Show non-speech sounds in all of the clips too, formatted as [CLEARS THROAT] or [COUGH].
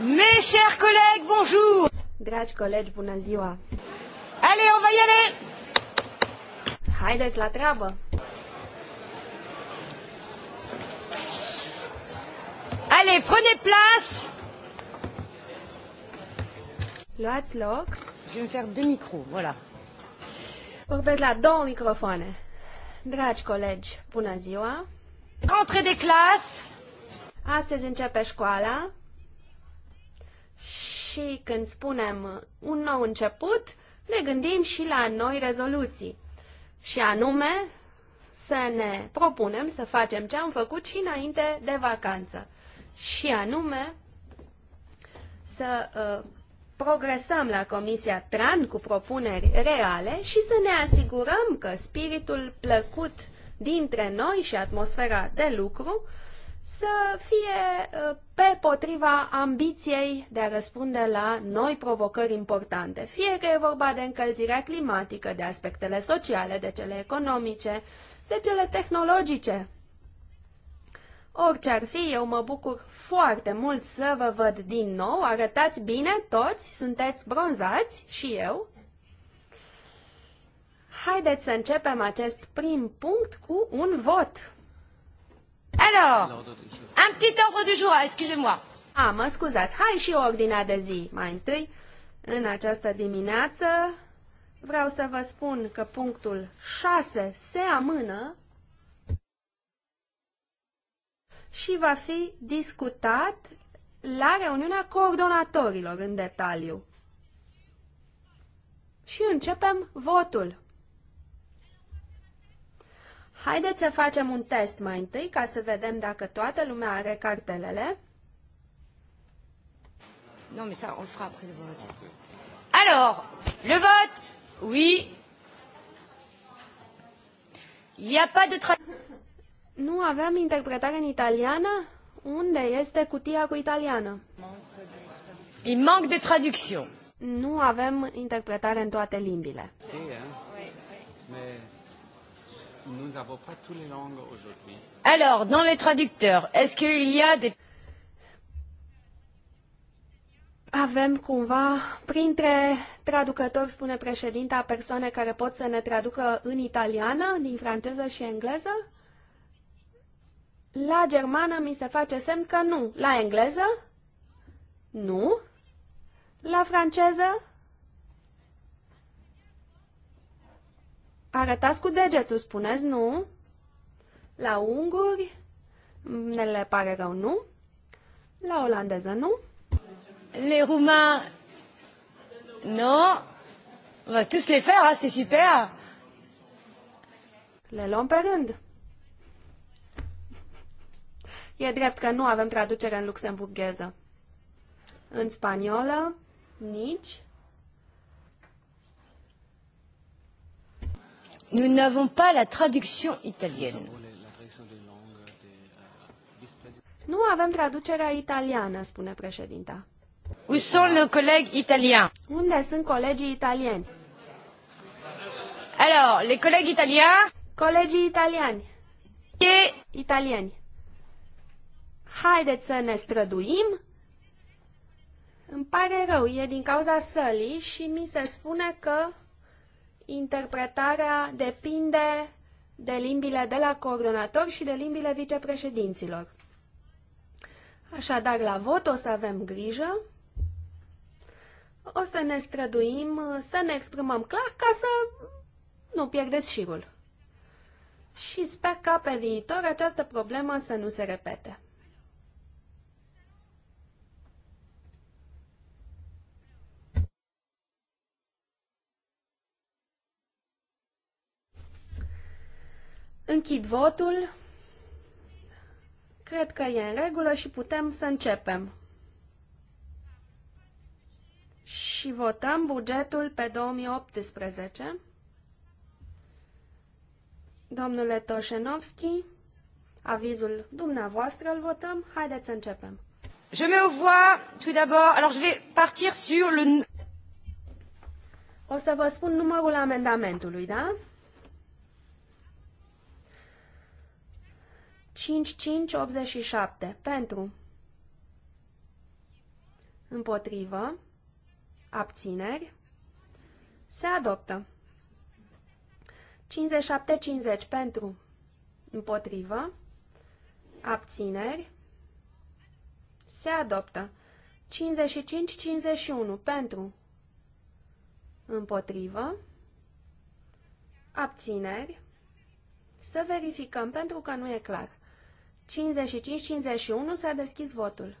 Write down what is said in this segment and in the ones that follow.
Mes chers collègues, bonjour. Dragi colegi, bună ziua. Allez, on va y aller. Haideți la treabă. Allez, prenez place. Luați loc. Je vais me faire deux micros, voilà. Vorbesc la două microfoane. Dragi colegi, bună ziua. Rentrée des classes. Astăzi începe școala. Și când spunem un nou început, ne gândim și la noi rezoluții. Și anume, să ne propunem să facem ce am făcut și înainte de vacanță. Și anume, să uh, progresăm la Comisia TRAN cu propuneri reale și să ne asigurăm că spiritul plăcut dintre noi și atmosfera de lucru uh, să fie ă, pe potriva ambiției de a răspunde la noi provocări importante, fie că e vorba de încălzirea climatică, de aspectele sociale, de cele economice, de cele tehnologice. Orice ar fi, eu mă bucur foarte mult să vă văd din nou. Arătați bine toți, sunteți bronzați și eu. Haideți să începem acest prim punct cu un vot. Alors, un petit ordre du jour, excusez-moi. Ah, mă scuzați, hai și ordinea de zi. Mai întâi, în această dimineață, vreau să vă spun că punctul 6 se amână și va fi discutat la reuniunea coordonatorilor în detaliu. Și începem votul. Haideți să facem un test mai întâi ca să vedem dacă toată lumea are cartelele. Nu mais ça, on le fera après le vote. Alors, le vote, oui. Il n'y a pas de tra... Nu aveam interpretare în italiană? Unde este cutia cu italiană? Il manque de traduction. Nu avem interpretare în toate limbile. Si, eh? nous n'avons pas tous les langues aujourd'hui. Alors, dans les traducteurs, est-ce qu'il y a des... Avem cumva, printre traducători, spune președinta, persoane care pot să ne traducă în italiană, din franceză și engleză? La germană mi se face semn că nu. La engleză? Nu. La franceză? Arătați cu degetul, spuneți nu. La unguri ne le pare rău nu. La olandeză nu. Le roumains, non. On va tous les faire, c'est super. Le luăm pe rând. E drept că nu avem traducere în luxemburgheză. În spaniolă, nici. Nous n'avons pas la traduction italienne. Nu avem traducerea italiană, spune președinta. Où sont nos collègues italiens? Unde sunt colegii italieni? Alors, les collègues italiens? Colegii italiani. E... Italieni. Haideți să ne străduim? Îmi pare rău, e din cauza sălii și mi se spune că interpretarea depinde de limbile de la coordonator și de limbile vicepreședinților. Așadar, la vot o să avem grijă, o să ne străduim, să ne exprimăm clar ca să nu pierdeți șirul. Și sper ca pe viitor această problemă să nu se repete. Închid votul. Cred că e în regulă și putem să începem. Și votăm bugetul pe 2018. Domnule Toșenovski, avizul dumneavoastră îl votăm. Haideți să începem. Je mets au voix tout d'abord. Alors je vais partir sur le O să vă spun numărul amendamentului, da? 5587 pentru împotrivă abțineri se adoptă 5750 pentru împotrivă abțineri se adoptă 5551 pentru împotrivă abțineri să verificăm pentru că nu e clar. 55-51 s-a deschis votul.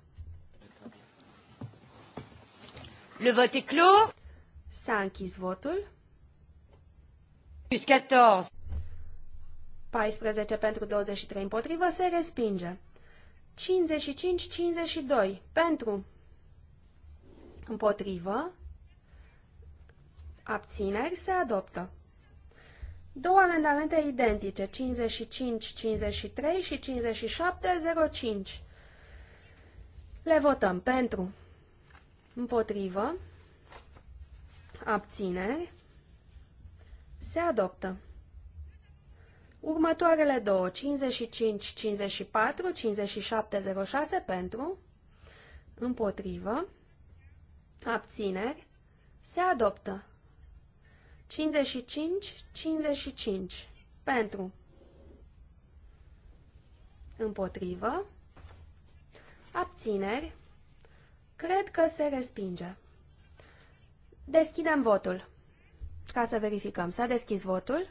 Le vot est clos. S-a închis votul. Plus 14. 14 pentru 23 împotrivă se respinge. 55-52 pentru împotrivă abțineri se adoptă. Două amendamente identice, 55-53 și 57-05. Le votăm pentru, împotrivă, abțineri, se adoptă. Următoarele două, 55-54, 57-06 pentru, împotrivă, abțineri, se adoptă. 55, 55. Pentru. Împotrivă. Abțineri. Cred că se respinge. Deschidem votul. Ca să verificăm. S-a deschis votul.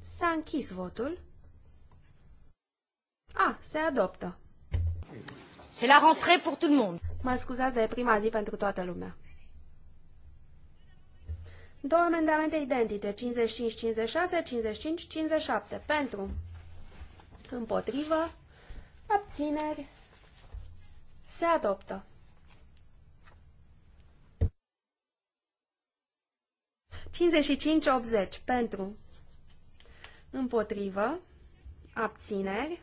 S-a închis votul. A, se adoptă. C'est la rentrée pour tout le monde. Mă scuzați de prima zi pentru toată lumea. Două amendamente identice, 55-56, 55-57. Pentru, împotrivă, abțineri, se adoptă. Cincizeci optzeci pentru împotrivă abțineri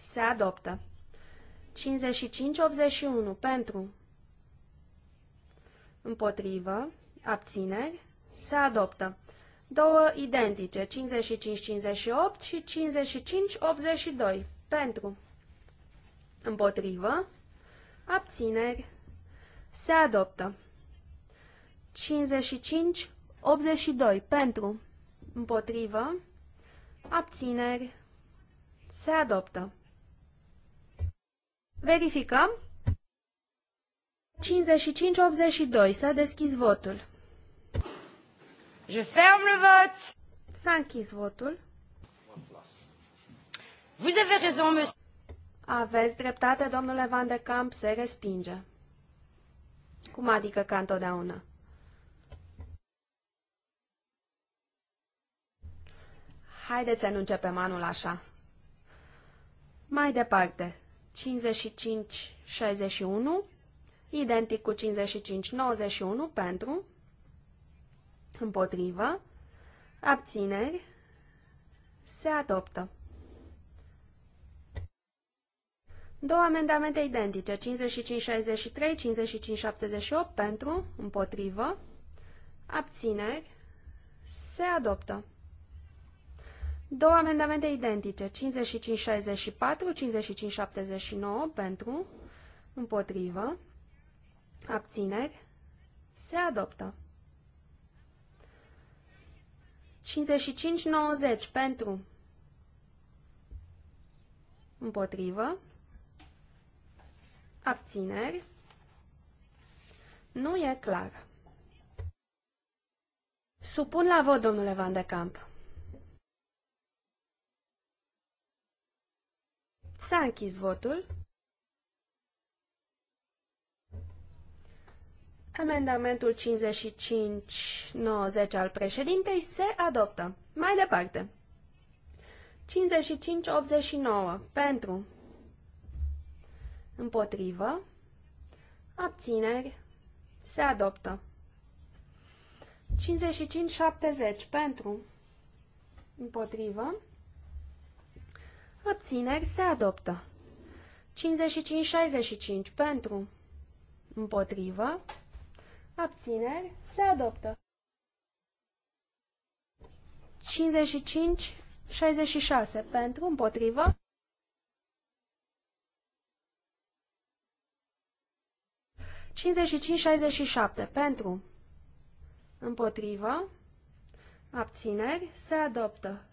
se adoptă. 55-81 pentru, împotrivă, abțineri, se adoptă. Două identice, 55-58 și 55-82 pentru, împotrivă, abțineri, se adoptă. 55-82 pentru, împotrivă, abțineri, se adoptă. Verificăm. 55-82. S-a deschis votul. Je ferme le vote. S-a închis votul. Vous avez raison, monsieur. Aveți dreptate, domnule Van de Camp, se respinge. Cum adică ca întotdeauna? Haideți să nu începem anul așa. Mai departe. 55-61, identic cu 55-91 pentru, împotrivă, abțineri, se adoptă. Două amendamente identice, 55-63, 55-78 pentru, împotrivă, abțineri, se adoptă. Două amendamente identice, 55-64, 55-79 pentru, împotrivă, abțineri, se adoptă. 55-90 pentru, împotrivă, abțineri, nu e clar. Supun la vot, domnule Van de Camp. S-a închis votul. Amendamentul 55-90 al președintei se adoptă. Mai departe. 55-89. Pentru. Împotrivă. Abțineri. Se adoptă. 55-70. Pentru. Împotrivă. Abțineri se adoptă. 55-65 pentru. Împotrivă. Abțineri se adoptă. 55-66 pentru. Împotrivă. Cincizeci și cinci, șaizeci și șapte. Pentru. Împotrivă. Abțineri. Se adoptă.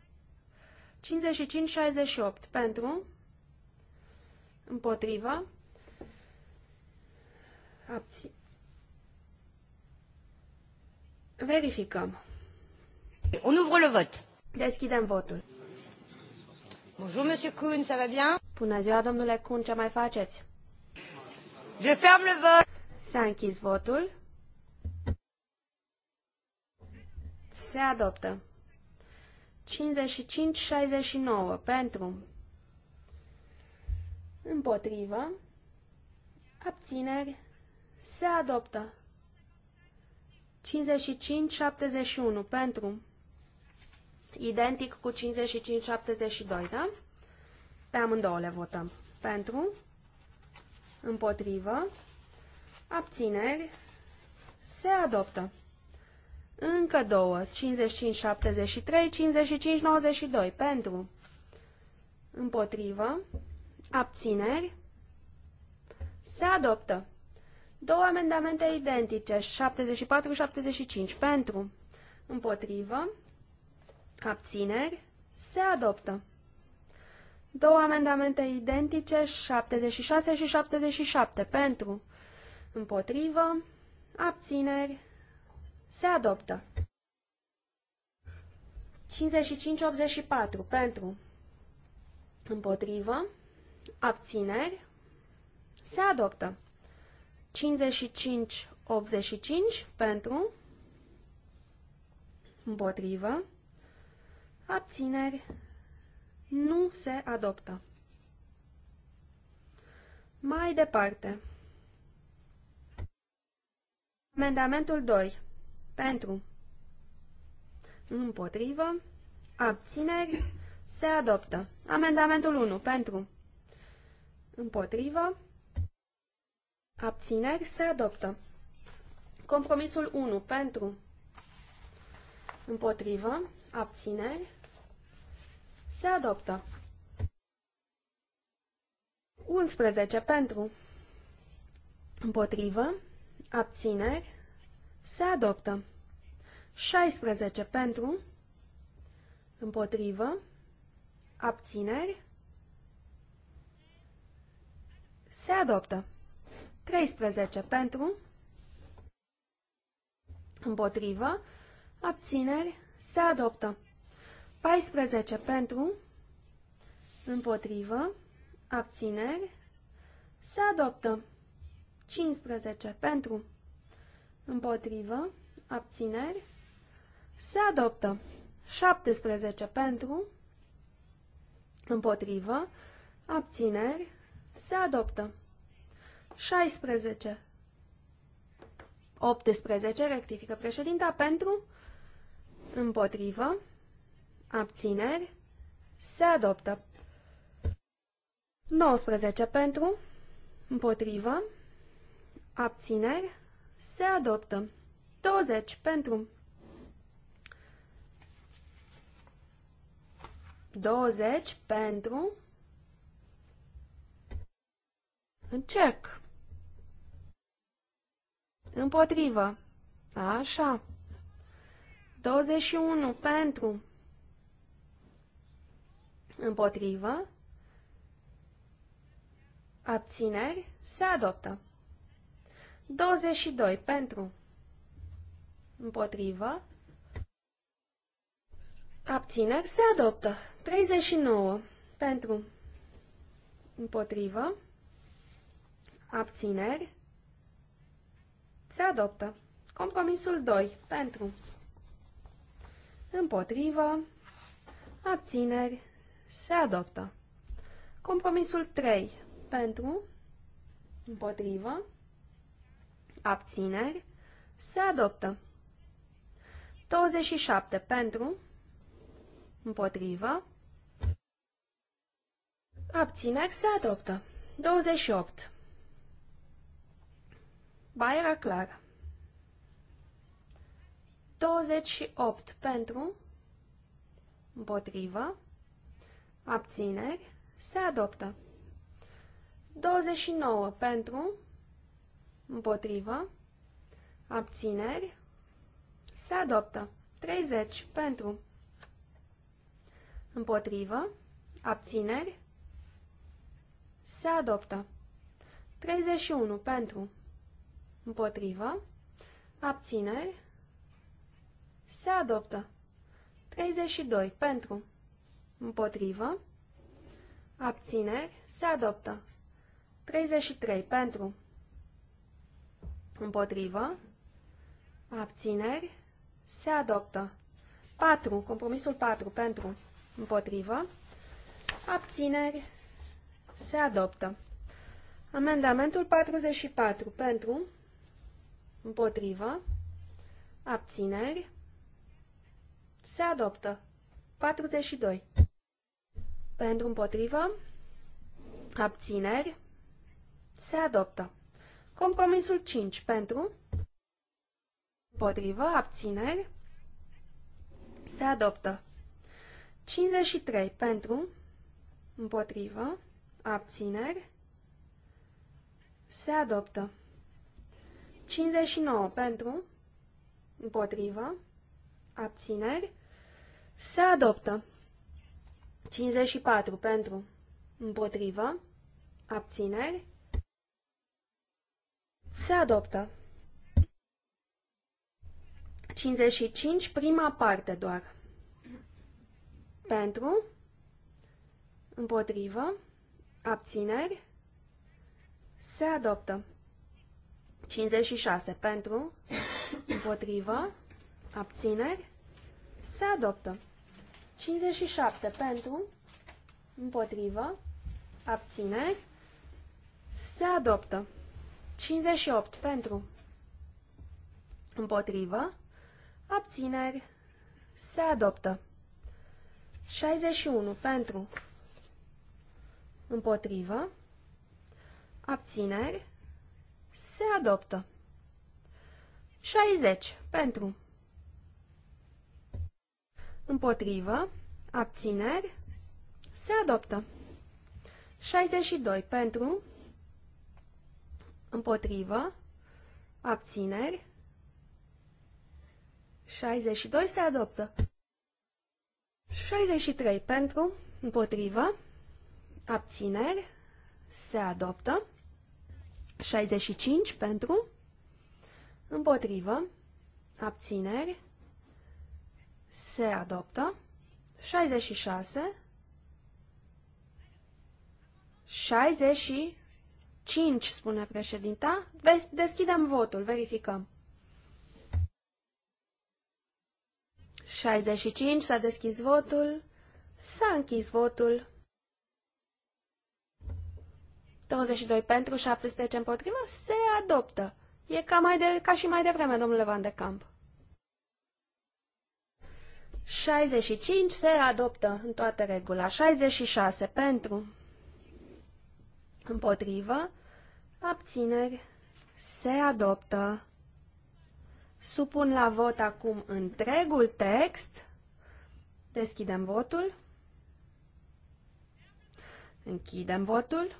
55-68 pentru, împotrivă, abții. Verificăm. On ouvre le vot. Deschidem votul. Bonjour, monsieur Kuhn, ça va bien? Bună ziua, domnule Kuhn, ce mai faceți? Je ferme le vot. S-a închis votul. Se adoptă. 55-69 pentru împotrivă abțineri se adoptă 55-71 pentru identic cu 55-72 da? pe amândouă le votăm pentru împotrivă abțineri se adoptă încă două. 55-73, 55-92. Pentru. Împotrivă. Abțineri. Se adoptă. Două amendamente identice. 74-75. Pentru. Împotrivă. Abțineri. Se adoptă. Două amendamente identice, 76 și 77, pentru, împotrivă, abțineri, se adoptă. 55-84 pentru împotrivă, abțineri, se adoptă. 55-85 pentru împotrivă, abțineri, nu se adoptă. Mai departe. Amendamentul 2. Pentru. Împotrivă. Abțineri. Se adoptă. Amendamentul 1. Pentru. Împotrivă. Abțineri. Se adoptă. Compromisul 1. Pentru. Împotrivă. Abțineri. Se adoptă. 11. Pentru. Împotrivă. Abțineri. Se adoptă. 16 pentru, împotrivă, abțineri, se adoptă. 13 pentru, împotrivă, abțineri, se adoptă. 14 pentru, împotrivă, abțineri, se adoptă. 15 pentru, împotrivă, abțineri, se adoptă. 17 pentru, împotrivă, abțineri, se adoptă. 16. 18. Rectifică președinta pentru, împotrivă, abțineri, se adoptă. 19 pentru, împotrivă, abțineri, se adoptă. 20 pentru. 20 pentru. Încerc. Împotrivă. Așa. 21 pentru. Împotrivă. Abțineri. Se adoptă. 22 pentru împotrivă abțineri se adoptă. 39 pentru împotrivă abțineri se adoptă. Compromisul 2 pentru împotrivă abțineri se adoptă. Compromisul 3 pentru împotrivă abțineri, se adoptă. 27 pentru, împotrivă, abțineri, se adoptă. 28. Ba era clar. 28 pentru, împotrivă, abțineri, se adoptă. 29 pentru, Împotrivă. Abțineri. Se adoptă. 30 pentru. Împotrivă. Abțineri. Se adoptă. 31 pentru. Împotrivă. Abțineri. Se adoptă. 32 pentru. Împotrivă. Abțineri. Se adoptă. 33 pentru. Împotrivă. Abțineri. Se adoptă. 4. Compromisul 4. Pentru. Împotrivă. Abțineri. Se adoptă. Amendamentul 44. Pentru. Împotrivă. Abțineri. Se adoptă. 42. Pentru împotrivă. Abțineri. Se adoptă. Compromisul 5 pentru, împotrivă, abțineri, se adoptă. 53 pentru, împotrivă, abțineri, se adoptă. 59 pentru, împotrivă, abțineri, se adoptă. 54 pentru, împotrivă, abțineri, se adoptă. 55, prima parte doar. Pentru, împotrivă, abțineri, se adoptă. 56, pentru, împotrivă, abțineri, se adoptă. 57, pentru, împotrivă, abțineri, se adoptă. 58 pentru. Împotrivă. Abțineri. Se adoptă. 61 pentru. Împotrivă. Abțineri. Se adoptă. 60 pentru. Împotrivă. Abțineri. Se adoptă. 62 pentru. Împotrivă. Abțineri. 62 se adoptă. 63 pentru, împotrivă, abțineri, se adoptă. 65 pentru, împotrivă, abțineri, se adoptă. 66, 66, 5, spune președinta. Deschidem votul, verificăm. 65, s-a deschis votul, s-a închis votul. 22 pentru, 17 împotriva, se adoptă. E ca, mai de, ca și mai devreme, domnule Van de Camp. 65 se adoptă în toată regula. 66 pentru, împotrivă, abțineri, se adoptă. Supun la vot acum întregul text. Deschidem votul. Închidem votul.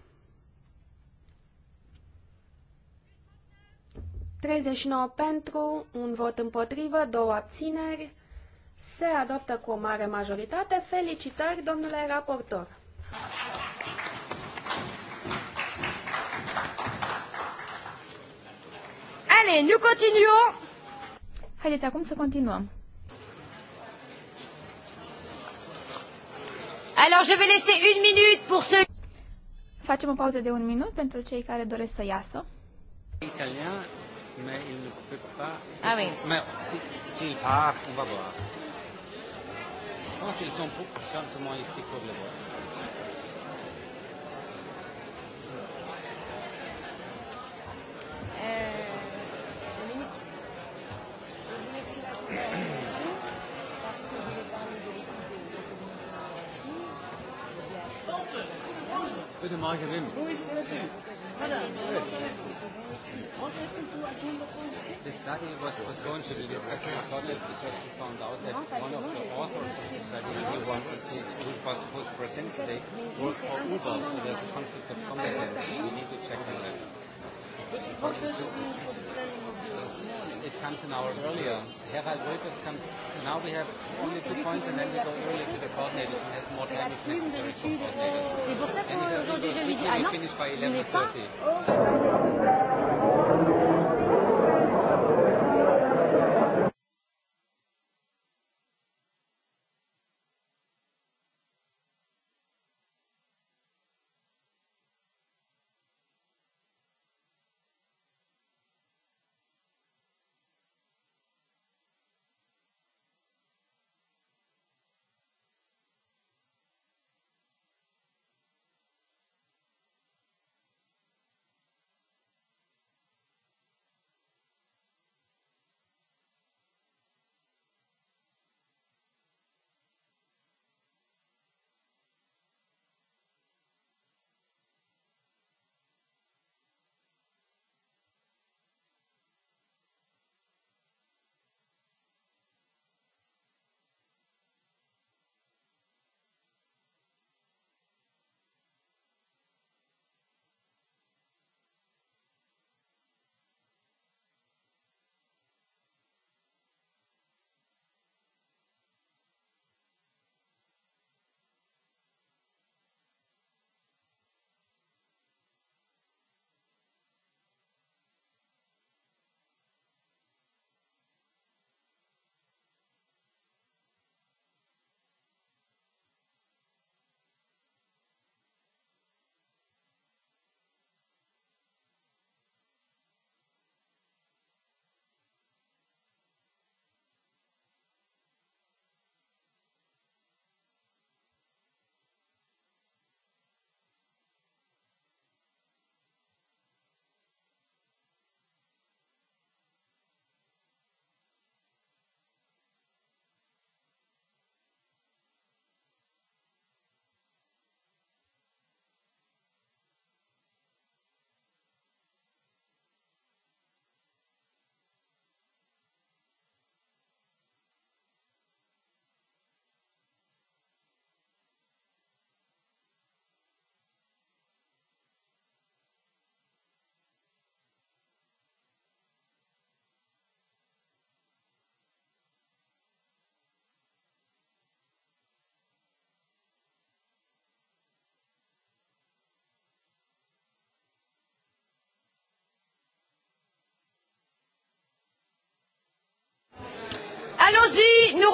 39 pentru, un vot împotrivă, două abțineri. Se adoptă cu o mare majoritate. Felicitări, domnule raportor! Allez, nous continuons. Haideți acum să continuăm. Alors, je vais laisser une minute pour ceux... Facem o pauză de un minut pentru cei care doresc să iasă. Italien, mais il ne peut pas... Ah oui. Mais s'il si, si part, on va voir. Je pense qu'ils sont beaucoup simplement ici pour le voir. Bitte mal hier hin. Wo ist der Film? The study was, was to be discussed in Scotland because we found out that one of the authors of the study he wanted to, was supposed to present today, worked for Uber, so there's a conflict of competence. We need to check on that comes an hour earlier. Herald Wilkes comes. Now we have only two points and then we go earlier to the coordinators and have more time if necessary. C'est pour ça qu'aujourd'hui je lui dis ah non, il n'est pas.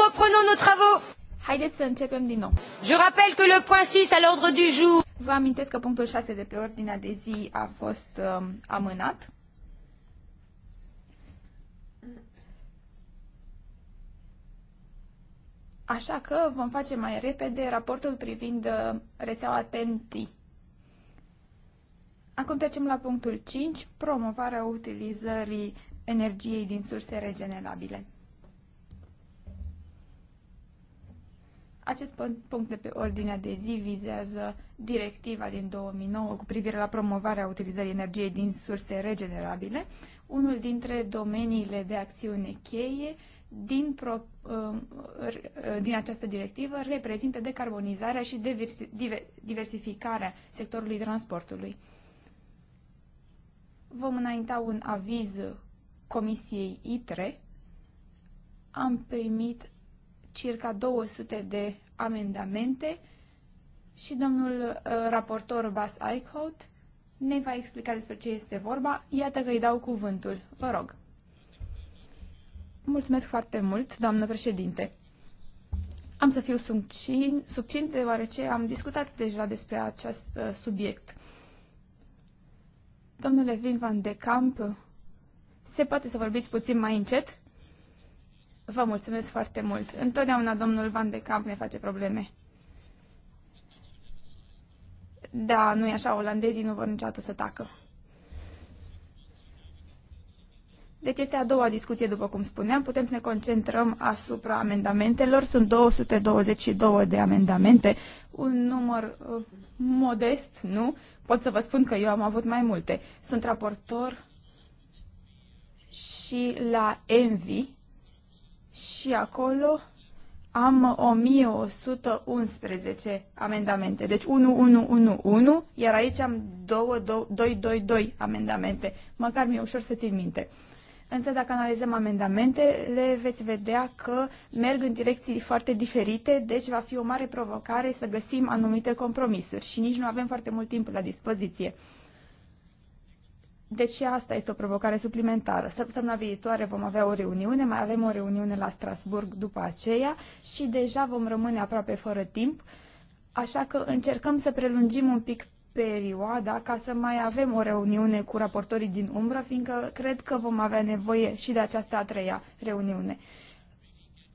reprenons nos travaux. Haideți să începem din nou. Je rappelle que le point 6 à l'ordre du jour. Vă amintesc că punctul 6 de pe ordinea de zi a fost um, amânat. Așa că vom face mai repede raportul privind uh, rețeaua TNT. Acum trecem la punctul 5, promovarea utilizării energiei din surse regenerabile. Acest punct de pe ordinea de zi vizează directiva din 2009 cu privire la promovarea utilizării energiei din surse regenerabile, unul dintre domeniile de acțiune cheie din, pro, um, uh, din această directivă reprezintă decarbonizarea și diversificarea sectorului transportului. Vom înainta un aviz Comisiei ITRE. Am primit circa 200 de amendamente și domnul uh, raportor Bas Eichhout ne va explica despre ce este vorba. Iată că îi dau cuvântul. Vă rog. Mulțumesc foarte mult, doamnă președinte. Am să fiu succint, deoarece am discutat deja despre acest uh, subiect. Domnule Vin Van de Camp, se poate să vorbiți puțin mai încet? Vă mulțumesc foarte mult. Întotdeauna domnul Van de Camp ne face probleme. Da, nu e așa, olandezii nu vor niciodată să tacă. Deci este a doua discuție, după cum spuneam. Putem să ne concentrăm asupra amendamentelor. Sunt 222 de amendamente, un număr uh, modest, nu? Pot să vă spun că eu am avut mai multe. Sunt raportor și la Envi, și acolo am 1111 amendamente, deci 1111, iar aici am 222 amendamente. Măcar mi-e ușor să țin minte. Însă dacă analizăm amendamentele, veți vedea că merg în direcții foarte diferite, deci va fi o mare provocare să găsim anumite compromisuri și nici nu avem foarte mult timp la dispoziție. Deci și asta este o provocare suplimentară. Săptămâna viitoare vom avea o reuniune, mai avem o reuniune la Strasburg după aceea și deja vom rămâne aproape fără timp, așa că încercăm să prelungim un pic perioada ca să mai avem o reuniune cu raportorii din umbră, fiindcă cred că vom avea nevoie și de această a treia reuniune.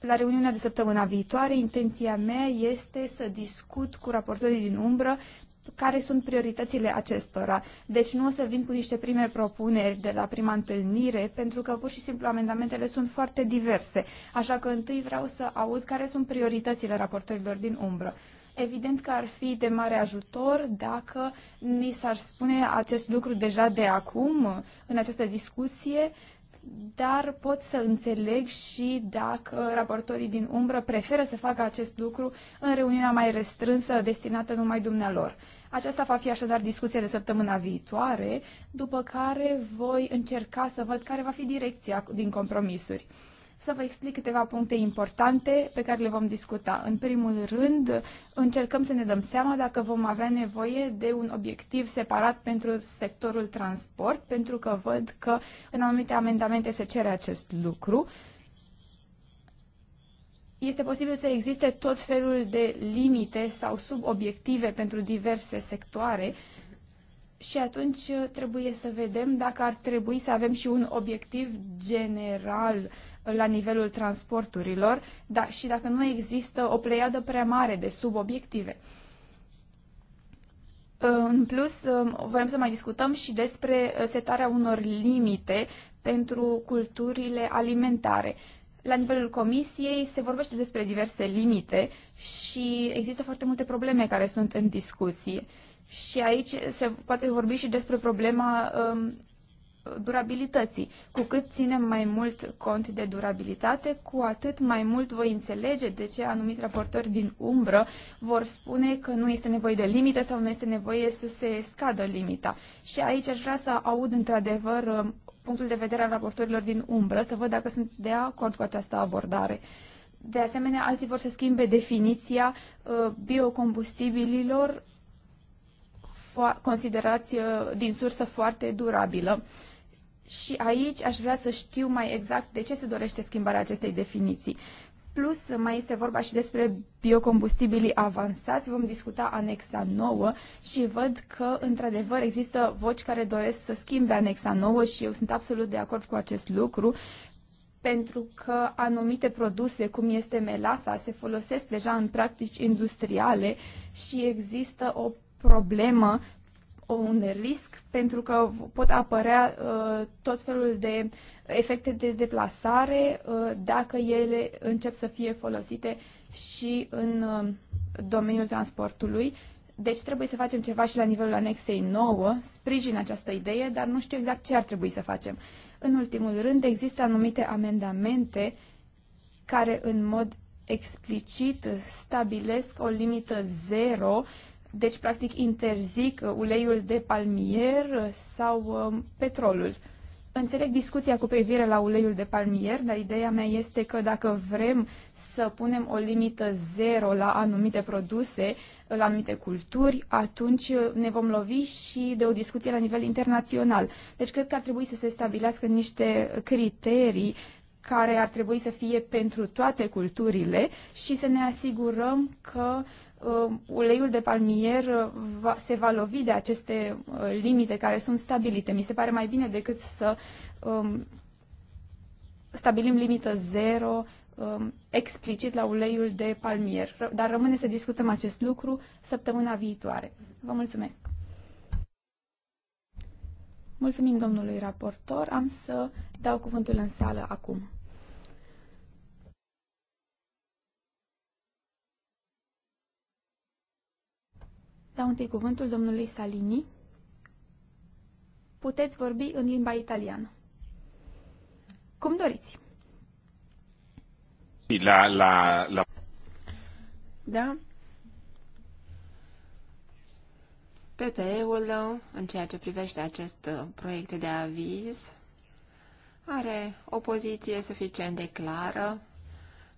La reuniunea de săptămâna viitoare, intenția mea este să discut cu raportorii din umbră care sunt prioritățile acestora. Deci nu o să vin cu niște prime propuneri de la prima întâlnire, pentru că pur și simplu amendamentele sunt foarte diverse. Așa că întâi vreau să aud care sunt prioritățile raportorilor din umbră. Evident că ar fi de mare ajutor dacă ni s-ar spune acest lucru deja de acum, în această discuție, uh, dar pot să înțeleg și dacă raportorii din umbră preferă să facă acest lucru în reuniunea mai restrânsă destinată numai dumnealor. Aceasta va fi așadar discuția de săptămâna viitoare, după care voi încerca să văd care va fi direcția din compromisuri să vă explic câteva puncte importante pe care le vom discuta. În primul rând, încercăm să ne dăm seama dacă vom avea nevoie de un obiectiv separat pentru sectorul transport, pentru că văd că în anumite amendamente se cere acest lucru. Este posibil să existe tot felul de limite sau subobiective pentru diverse sectoare, și atunci trebuie să vedem dacă ar trebui să avem și un obiectiv general la nivelul transporturilor dar și dacă nu există o pleiadă prea mare de subobiective. În plus, vrem să mai discutăm și despre setarea unor limite pentru culturile alimentare. La nivelul comisiei se vorbește despre diverse limite și există foarte multe probleme care sunt în discuție. Și aici se poate vorbi și despre problema um, durabilității. Cu cât ținem mai mult cont de durabilitate, cu atât mai mult voi înțelege de ce anumiți raportori din umbră vor spune că nu este nevoie de limite sau nu este nevoie să se scadă limita. Și aici aș vrea să aud într-adevăr uh, punctul de vedere al raportorilor din umbră, să văd dacă sunt de acord cu această abordare. De asemenea, alții vor să schimbe definiția uh, biocombustibililor considerați uh, din sursă foarte durabilă. Și aici aș vrea să știu mai exact de ce se dorește schimbarea acestei definiții. Plus, mai este vorba și despre biocombustibilii avansați. Vom discuta anexa 9 și văd că, într-adevăr, există voci care doresc să schimbe anexa 9 și eu sunt absolut de acord cu acest lucru pentru că anumite produse, cum este melasa, se folosesc deja în practici industriale și există o problemă un risc pentru că pot apărea uh, tot felul de efecte de deplasare uh, dacă ele încep să fie folosite și în uh, domeniul transportului. Deci trebuie să facem ceva și la nivelul anexei 9, sprijin această idee, dar nu știu exact ce ar trebui să facem. În ultimul rând, există anumite amendamente care în mod explicit stabilesc o limită zero uh, deci, practic, interzic uh, uleiul de palmier uh, sau um, petrolul. Înțeleg discuția cu privire la uleiul de palmier, dar ideea mea este că dacă vrem să punem o limită zero la anumite produse, uh, la anumite culturi, atunci ne vom lovi și de o discuție la nivel internațional. Deci cred că ar trebui să se stabilească niște criterii care ar trebui să fie pentru toate culturile și să ne asigurăm că uh, Um, uleiul de palmier uh, va, se va lovi de aceste uh, limite care sunt stabilite. Mi se pare mai bine decât să um, stabilim limită zero um, explicit la uleiul de palmier. Dar rămâne să discutăm acest lucru săptămâna viitoare. Vă mulțumesc! Mulțumim domnului raportor. Am să dau cuvântul în sală acum. Dau întâi cuvântul domnului Salini. Puteți vorbi în limba italiană. Cum doriți. La, la, la... Da. PPE-ul, în ceea ce privește acest uh, proiect de aviz, are o poziție suficient de clară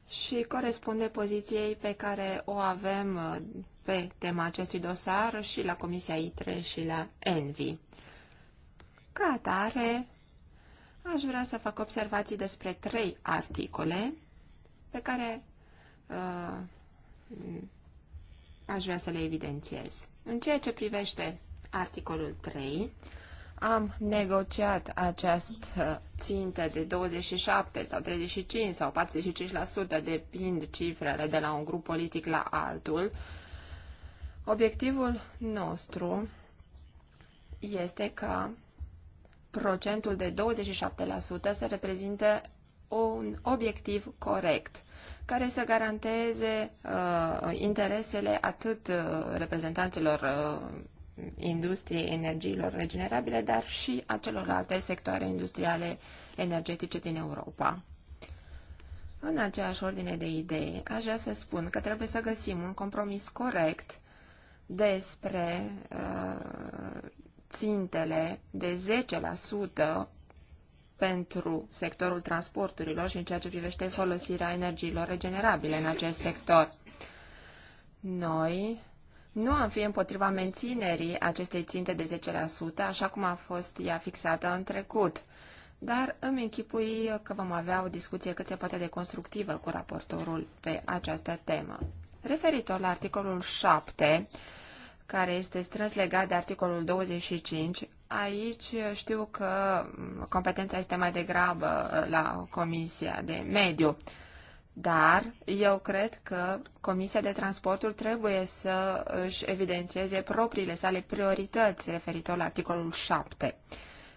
și corespunde poziției pe care o avem uh, pe tema acestui dosar și la Comisia ITRE și la ENVI. Ca atare, aș vrea să fac observații despre trei articole pe care uh, aș vrea să le evidențiez. În ceea ce privește articolul 3, am negociat această țintă de 27 sau 35 sau 45%, depind cifrele de la un grup politic la altul, uh, Obiectivul nostru este ca procentul de 27% să reprezinte un obiectiv corect care să garanteze uh, interesele atât uh, reprezentanților uh, industriei energiilor regenerabile, dar și a celorlalte sectoare industriale energetice din Europa. În aceeași ordine de idei, aș vrea să spun că trebuie să găsim un compromis corect despre uh, țintele de 10% pentru sectorul transporturilor și în ceea ce privește folosirea energiilor regenerabile în acest sector. Noi nu am fi împotriva menținerii acestei ținte de 10%, așa cum a fost ea fixată în trecut, dar îmi închipui că vom avea o discuție cât se poate de constructivă cu raportorul pe această temă. Referitor la articolul 7, care este strâns legat de articolul 25, aici știu că competența este mai degrabă la Comisia de Mediu, dar eu cred că Comisia de Transporturi trebuie să își evidențieze propriile sale priorități referitor la articolul 7.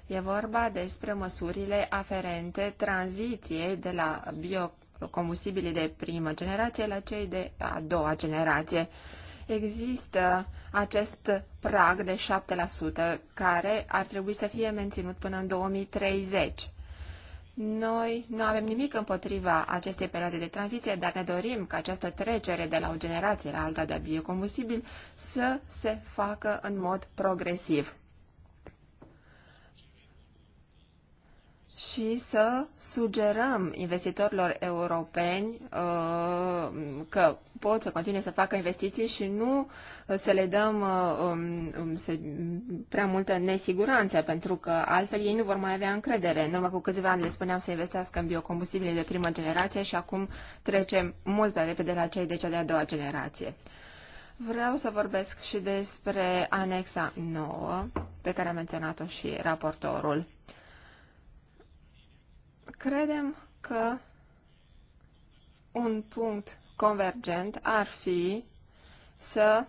E vorba despre măsurile aferente tranziției de la bio combustibilii de primă generație la cei de a doua generație. Există acest prag de 7% care ar trebui să fie menținut până în 2030. Noi nu avem nimic împotriva acestei perioade de tranziție, dar ne dorim ca această trecere de la o generație la alta de biocombustibil să se facă în mod progresiv. și să sugerăm investitorilor europeni uh, că pot să continue să facă investiții și nu uh, să le dăm uh, um, um, să, prea multă nesiguranță, pentru că altfel ei nu vor mai avea încredere. În urmă cu câțiva ani le spuneam să investească în biocombustibile de primă generație și acum trecem mult prea repede la cei de cea de-a doua generație. Vreau să vorbesc și despre anexa 9, pe care a menționat-o și raportorul. Uh, Credem că un punct convergent ar fi să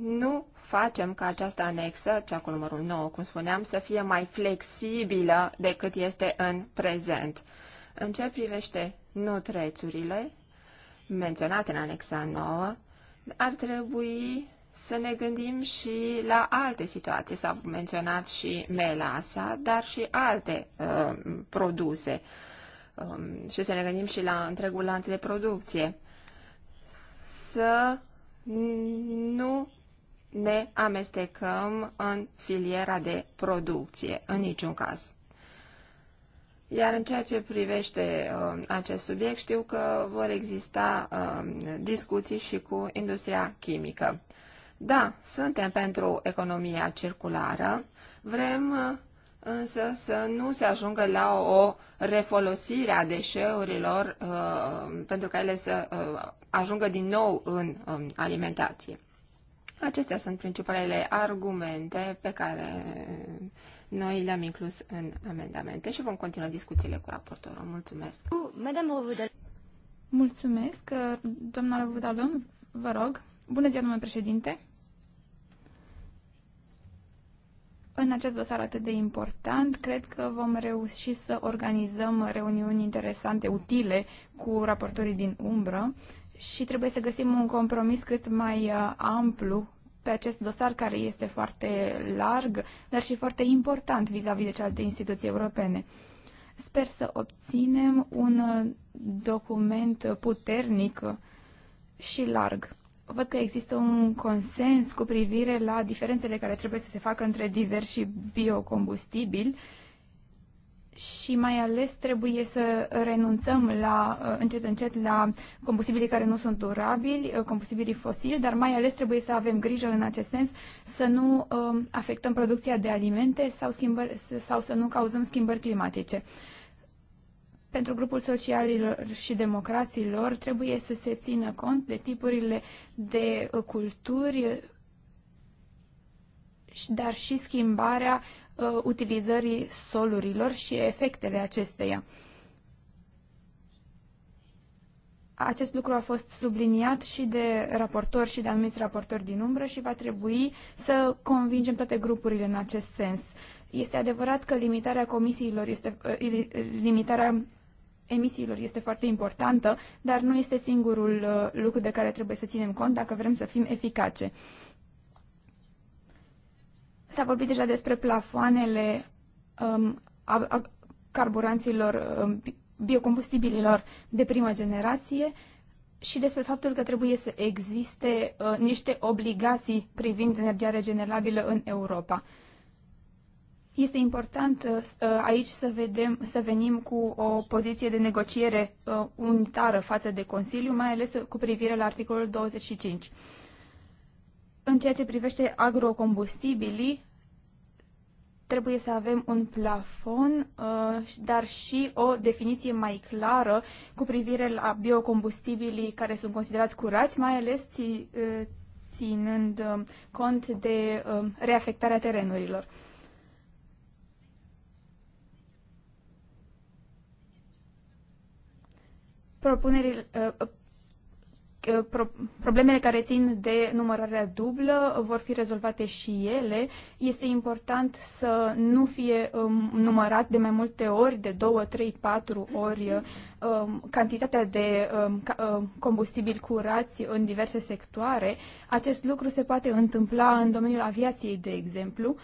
nu facem ca această anexă, cea cu numărul 9, cum spuneam, să fie mai flexibilă decât este în prezent. În ce privește nutrețurile menționate în anexa 9, ar trebui să ne gândim și la alte situații. S-au menționat și melasa, dar și alte uh, produse um, și să ne gândim și la întregul lanț de producție. Să nu ne amestecăm în filiera de producție, în niciun caz. Iar în ceea ce privește uh, acest subiect, știu că vor exista uh, discuții și cu industria chimică. Da, suntem pentru economia circulară, vrem uh, însă să nu se ajungă la o refolosire a deșeurilor uh, pentru ca ele să uh, ajungă din nou în um, alimentație. Acestea sunt principalele argumente pe care noi le-am inclus în amendamente și vom continua discuțiile cu raportorul. Mulțumesc! Mulțumesc, uh, doamna Răvudalon, vă rog. Bună ziua, domnule președinte! În acest dosar atât de important, cred că vom reuși să organizăm reuniuni interesante, utile, cu raportorii din umbră și trebuie să găsim un compromis cât mai uh, amplu pe acest dosar care este foarte larg, dar și foarte important vis-a-vis -vis de celelalte instituții europene. Sper să obținem un uh, document puternic și larg văd că există un consens cu privire la diferențele care trebuie să se facă între diversi biocombustibili și mai ales trebuie să renunțăm la, uh, încet încet la combustibilii care nu sunt durabili, uh, combustibilii fosili, dar mai ales trebuie să avem grijă în acest sens să nu um, afectăm producția de alimente sau, schimbări, sau să nu cauzăm schimbări climatice. Pentru grupul socialilor și democraților trebuie să se țină cont de tipurile de uh, culturi, dar și schimbarea uh, utilizării solurilor și efectele acesteia. Acest lucru a fost subliniat și de raportori și de anumiți raportori din umbră și va trebui să convingem toate grupurile în acest sens. Este adevărat că limitarea comisiilor este, uh, limitarea emisiilor este foarte importantă, dar nu este singurul uh, lucru de care trebuie să ținem cont dacă vrem să fim eficace. S-a vorbit deja despre plafoanele um, a, a carburanților, um, biocombustibililor de primă generație și despre faptul că trebuie să existe uh, niște obligații privind energia regenerabilă în Europa. Este important uh, uh, aici să, vedem, să venim cu o poziție de negociere uh, unitară față de Consiliu, mai ales cu privire la articolul 25. În ceea ce privește agrocombustibilii, trebuie să avem un plafon, dar și o definiție mai clară cu privire la biocombustibilii care sunt considerați curați, mai ales ținând cont de reafectarea terenurilor. Propunerile, uh, uh, problemele care țin de numărarea dublă vor fi rezolvate și ele. Este important să nu fie um, numărat de mai multe ori, de 2, 3, 4 ori uh, um, cantitatea de um, combustibil curați în diverse sectoare. Acest lucru se poate întâmpla în domeniul aviației, de exemplu,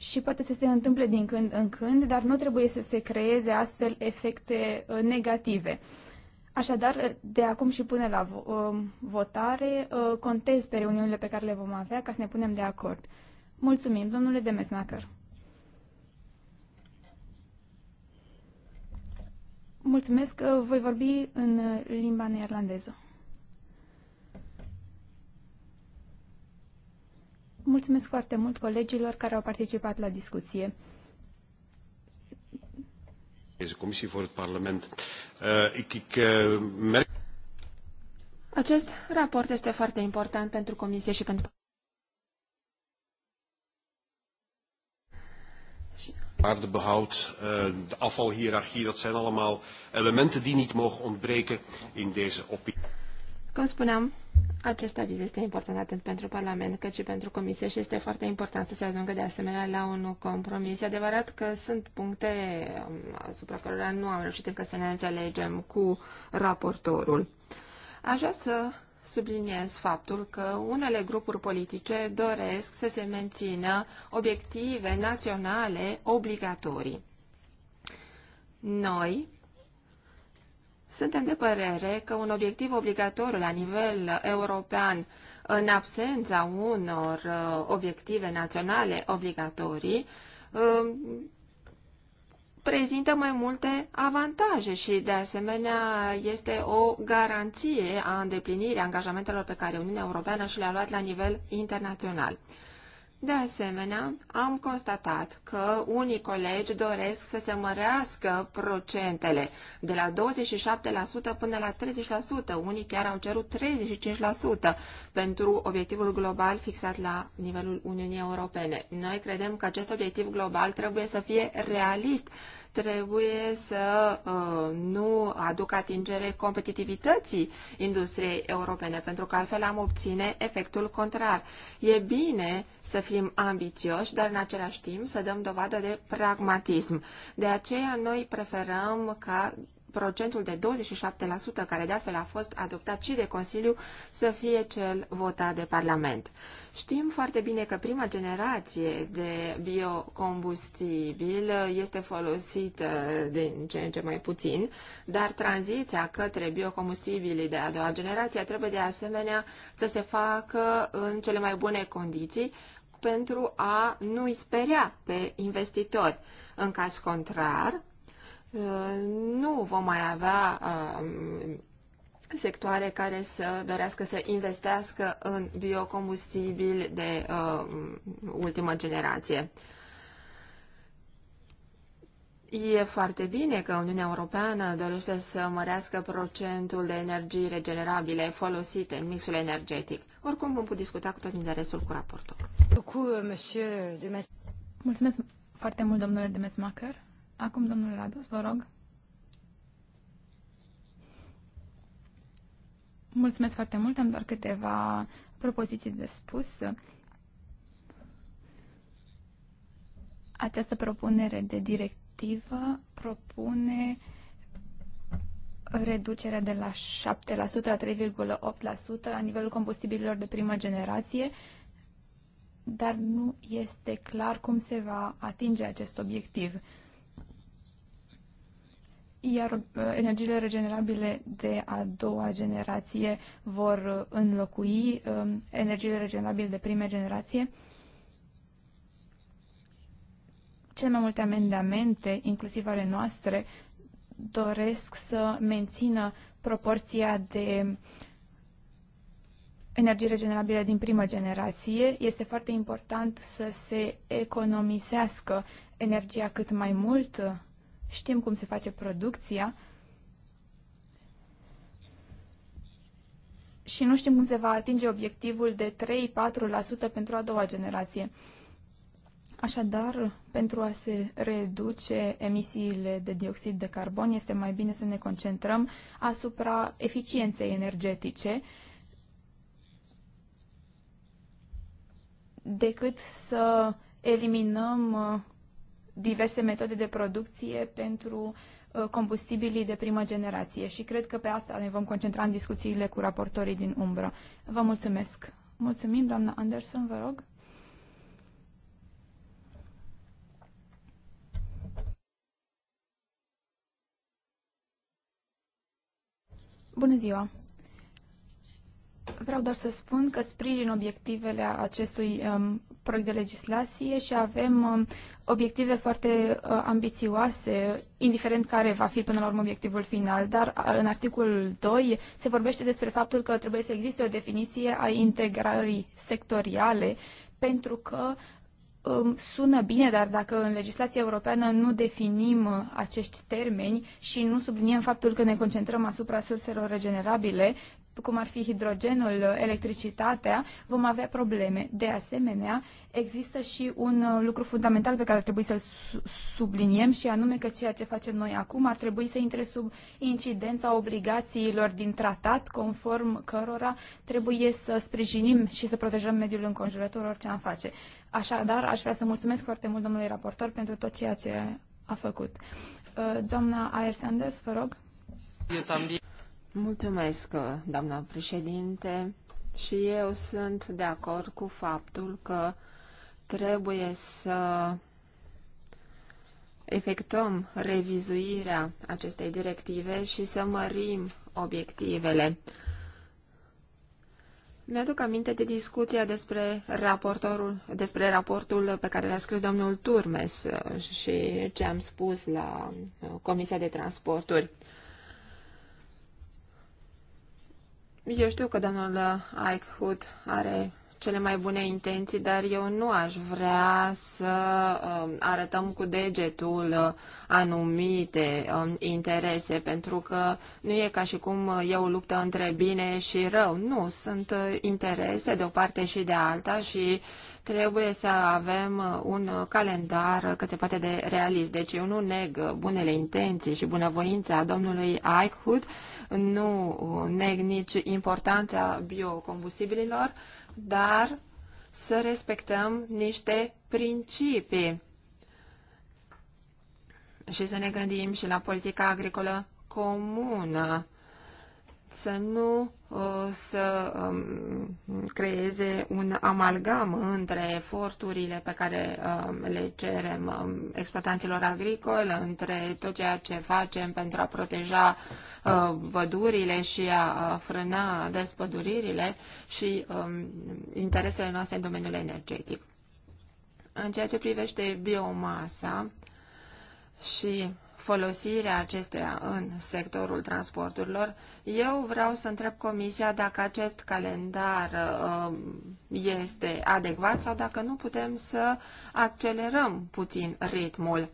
și poate să se întâmple din când în când, dar nu trebuie să se creeze astfel efecte uh, negative. Așadar, de acum și până la uh, votare, uh, contez pe reuniunile pe care le vom avea ca să ne punem de acord. Mulțumim, domnule Demesnacăr. Mulțumesc, voi vorbi în limba neerlandeză. Mulțumesc foarte mult colegilor care au participat la discuție. Comisie voor het Parlement. Eh, eh, Acest raport este foarte important pentru Comisie și pentru waardebehoud, eh, de afvalhierarchie, dat zijn allemaal elementen die niet mogen ontbreken in deze opinie. Cum spuneam, acest aviz este important atât pentru Parlament cât și pentru Comisie și este foarte important să se ajungă de asemenea la un compromis. E adevărat că sunt puncte um, asupra cărora nu am reușit încă să ne înțelegem cu raportorul. Aș vrea să subliniez faptul că unele grupuri politice doresc să se mențină obiective naționale obligatorii. Noi suntem de părere că un obiectiv obligatoriu la nivel european în absența unor uh, obiective naționale obligatorii uh, prezintă mai multe avantaje și, de asemenea, este o garanție a îndeplinirii angajamentelor pe care Uniunea Europeană și le-a luat la nivel internațional. De asemenea, am constatat că unii colegi doresc să se mărească procentele de la 27% până la 30%, unii chiar au cerut 35% pentru obiectivul global fixat la nivelul Uniunii Europene. Noi credem că acest obiectiv global trebuie să fie realist trebuie să uh, nu aducă atingere competitivității industriei europene, pentru că altfel am obține efectul contrar. E bine să fim ambițioși, dar în același timp să dăm dovadă de pragmatism. De aceea noi preferăm ca procentul de 27%, care de altfel a fost adoptat și de Consiliu, să fie cel votat de Parlament. Știm foarte bine că prima generație de biocombustibil este folosită din ce în ce mai puțin, dar tranziția către biocombustibilii de a doua generație trebuie de asemenea să se facă în cele mai bune condiții pentru a nu-i sperea pe investitori. În caz contrar, nu vom mai avea um, sectoare care să dorească să investească în biocombustibili de um, ultimă generație. E foarte bine că Uniunea Europeană dorește să mărească procentul de energii regenerabile folosite în mixul energetic. Oricum vom putea discuta cu tot interesul cu raportul. Euh, Mulțumesc foarte mult, domnule Demesmacher. Acum, domnul Rados, vă rog. Mulțumesc foarte mult, am doar câteva propoziții de spus. Această propunere de directivă propune reducerea de la 7% la 3,8% la nivelul combustibililor de primă generație, dar nu este clar cum se va atinge acest obiectiv iar uh, energiile regenerabile de a doua generație vor uh, înlocui um, energiile regenerabile de prima generație. Cele mai multe amendamente, inclusiv ale noastre, doresc să mențină proporția de energie regenerabilă din prima generație. Este foarte important să se economisească energia cât mai mult știm cum se face producția și nu știm cum se va atinge obiectivul de 3-4% pentru a doua generație. Așadar, pentru a se reduce emisiile de dioxid de carbon, este mai bine să ne concentrăm asupra eficienței energetice decât să eliminăm uh, diverse metode de producție pentru uh, combustibilii de primă generație și cred că pe asta ne vom concentra în discuțiile cu raportorii din umbră. Vă mulțumesc. Mulțumim, doamna Anderson, vă rog. Bună ziua! Vreau doar să spun că sprijin obiectivele acestui um, proiect de legislație și avem um, obiective foarte uh, ambițioase, indiferent care va fi până la urmă obiectivul final, dar uh, în articolul 2 se vorbește despre faptul că trebuie să existe o definiție a integrării sectoriale, pentru că um, sună bine, dar dacă în legislația europeană nu definim uh, acești termeni și nu subliniem faptul că ne concentrăm asupra surselor regenerabile, cum ar fi hidrogenul, electricitatea, vom avea probleme. De asemenea, există și un uh, lucru fundamental pe care ar trebui să-l subliniem și anume că ceea ce facem noi acum ar trebui să intre sub incidența obligațiilor din tratat, conform cărora trebuie să sprijinim și să protejăm mediul înconjurător orice am face. Așadar, aș vrea să mulțumesc foarte mult domnului raportor pentru tot ceea ce a făcut. Uh, doamna Ayer Sanders, vă rog. Eu Mulțumesc, doamna președinte. Și eu sunt de acord cu faptul că trebuie să efectuăm revizuirea acestei directive și să mărim obiectivele. Mi-aduc aminte de discuția despre, raportorul, despre raportul pe care l-a scris domnul Turmes și ce am spus la Comisia de Transporturi. Eu știu că domnul Eichhut are cele mai bune intenții, dar eu nu aș vrea să um, arătăm cu degetul uh, anumite um, interese, pentru că nu e ca și cum e o luptă între bine și rău. Nu, sunt uh, interese de o parte și de alta și trebuie să avem uh, un calendar cât se poate de realist. Deci eu nu neg bunele intenții și bunăvoința domnului Eichhut, nu uh, neg nici importanța biocombustibililor, dar să respectăm niște principii și să ne gândim și la politica agricolă comună să nu uh, să um, creeze un amalgam între eforturile pe care um, le cerem um, exploatanților agricoli, între tot ceea ce facem pentru a proteja uh, pădurile și a frâna despăduririle și interesele noastre în domeniul energetic. În ceea ce privește biomasa și folosirea acesteia în sectorul transporturilor. Eu vreau să întreb Comisia dacă acest calendar uh, este adecvat sau dacă nu putem să accelerăm puțin ritmul.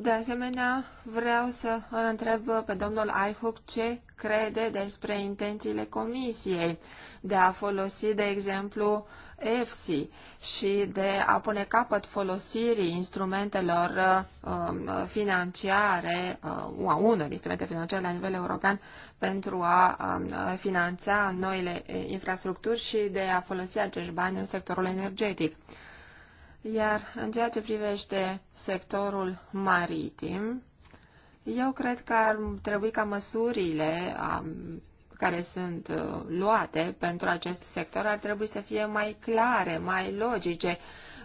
De asemenea, vreau să îl întreb pe domnul Aihuc ce crede despre intențiile Comisiei de a folosi, de exemplu, EFSI și de a pune capăt folosirii instrumentelor um, financiare, uh, a unor instrumente financiare la nivel european pentru a um, finanța noile infrastructuri și de a folosi acești bani în sectorul energetic. Iar în ceea ce privește sectorul maritim, eu cred că ar trebui ca măsurile um, care sunt uh, luate pentru acest sector ar trebui să fie mai clare, mai logice,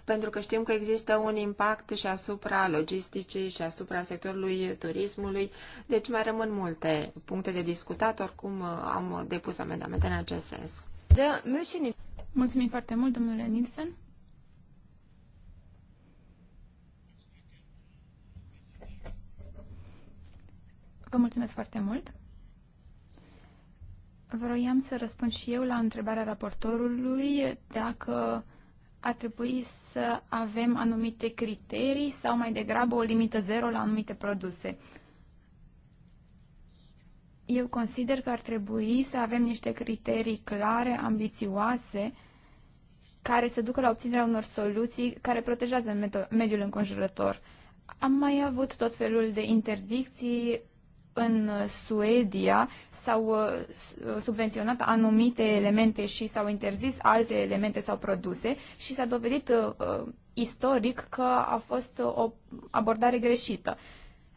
pentru că știm că există un impact și asupra logisticii și asupra sectorului turismului, deci mai rămân multe puncte de discutat, oricum uh, am depus amendamente în acest sens. Da, Mulțumim foarte mult, domnule Nielsen. Vă mulțumesc foarte mult. Vroiam să răspund și eu la întrebarea raportorului dacă ar trebui să avem anumite criterii sau mai degrabă o limită zero la anumite produse. Eu consider că ar trebui să avem niște criterii clare, ambițioase, care să ducă la obținerea unor soluții care protejează mediul înconjurător. Am mai avut tot felul de interdicții în Suedia s-au uh, subvenționat anumite elemente și s-au interzis alte elemente sau produse și s-a dovedit uh, uh, istoric că a fost o abordare greșită.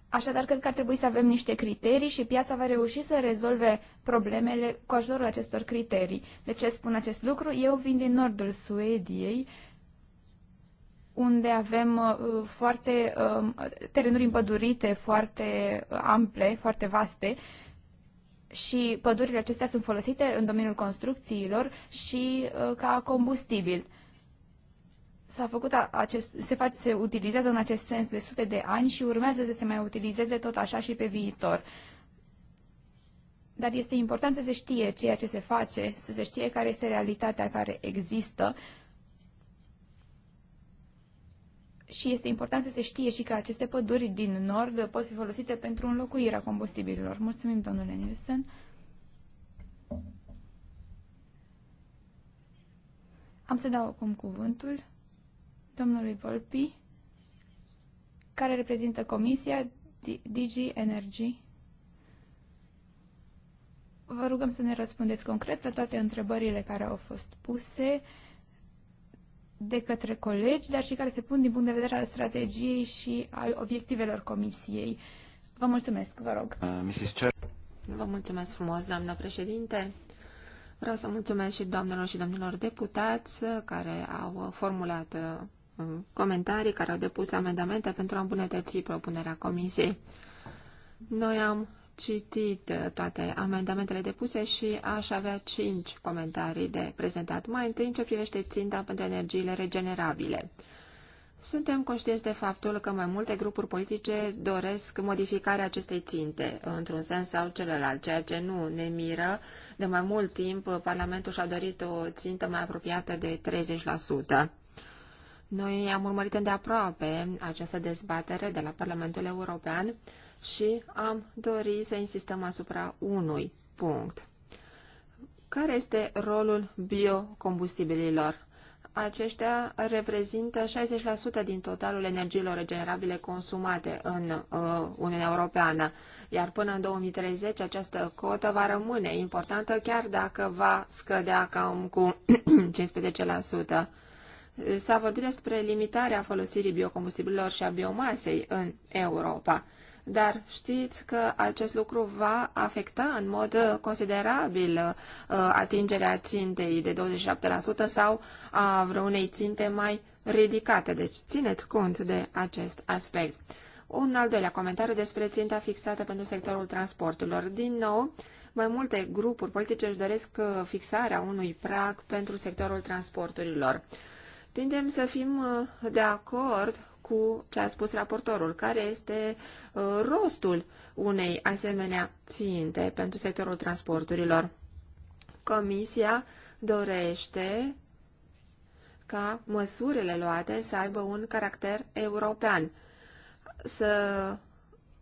Așadar, cred că ar trebui să avem niște criterii și piața va reuși să rezolve problemele cu ajutorul acestor criterii. De ce spun acest lucru? Eu vin din nordul Suediei unde avem uh, foarte um, terenuri împădurite, foarte uh, ample, foarte vaste și pădurile acestea sunt folosite în domeniul construcțiilor și uh, ca combustibil. S-a făcut acest, se, face, se utilizează în acest sens de sute de ani și urmează să se mai utilizeze tot așa și pe viitor dar este important să se știe ceea ce se face, să se știe care este realitatea care există și este important să se știe și că aceste păduri din nord pot fi folosite pentru înlocuirea combustibililor. Mulțumim, domnule Nielsen. Am să dau acum cuvântul domnului Volpi, care reprezintă Comisia DG Energy. Vă rugăm să ne răspundeți concret la toate întrebările care au fost puse de către colegi, dar și care se pun din punct de vedere al strategiei și al obiectivelor comisiei. Vă mulțumesc, vă rog. Uh, Vă mulțumesc frumos, doamnă președinte. Vreau să mulțumesc și doamnelor și domnilor deputați care au formulat uh, comentarii, care au depus amendamente pentru a îmbunătăți propunerea comisiei. Noi am citit uh, toate amendamentele depuse și aș avea cinci comentarii de prezentat. Mai întâi, în ce privește ținta pentru energiile regenerabile. Suntem conștienți de faptul că mai multe grupuri politice doresc modificarea acestei ținte, într-un sens sau celălalt, ceea ce nu ne miră. De mai mult timp, Parlamentul și-a dorit o țintă mai apropiată de 30%. Noi am urmărit îndeaproape această dezbatere de la Parlamentul European și am dori să insistăm asupra unui punct. Care este rolul biocombustibililor? Aceștia reprezintă 60% din totalul energiilor regenerabile consumate în uh, Uniunea Europeană, iar până în 2030 această cotă va rămâne importantă chiar dacă va scădea cam cu 15%. [CLEARS THROAT] S-a vorbit despre limitarea folosirii biocombustibililor și a biomasei în Europa dar știți că acest lucru va afecta în mod considerabil uh, atingerea țintei de 27% sau a vreunei ținte mai ridicate, deci țineți cont de acest aspect. Un al doilea comentariu despre ținta fixată pentru sectorul transporturilor. Din nou, mai multe grupuri politice își doresc uh, fixarea unui prag pentru sectorul transporturilor. Tindem să fim uh, de acord cu ce a spus raportorul, care este uh, rostul unei asemenea ținte pentru sectorul transporturilor. Comisia dorește ca măsurile luate să aibă un caracter european. Să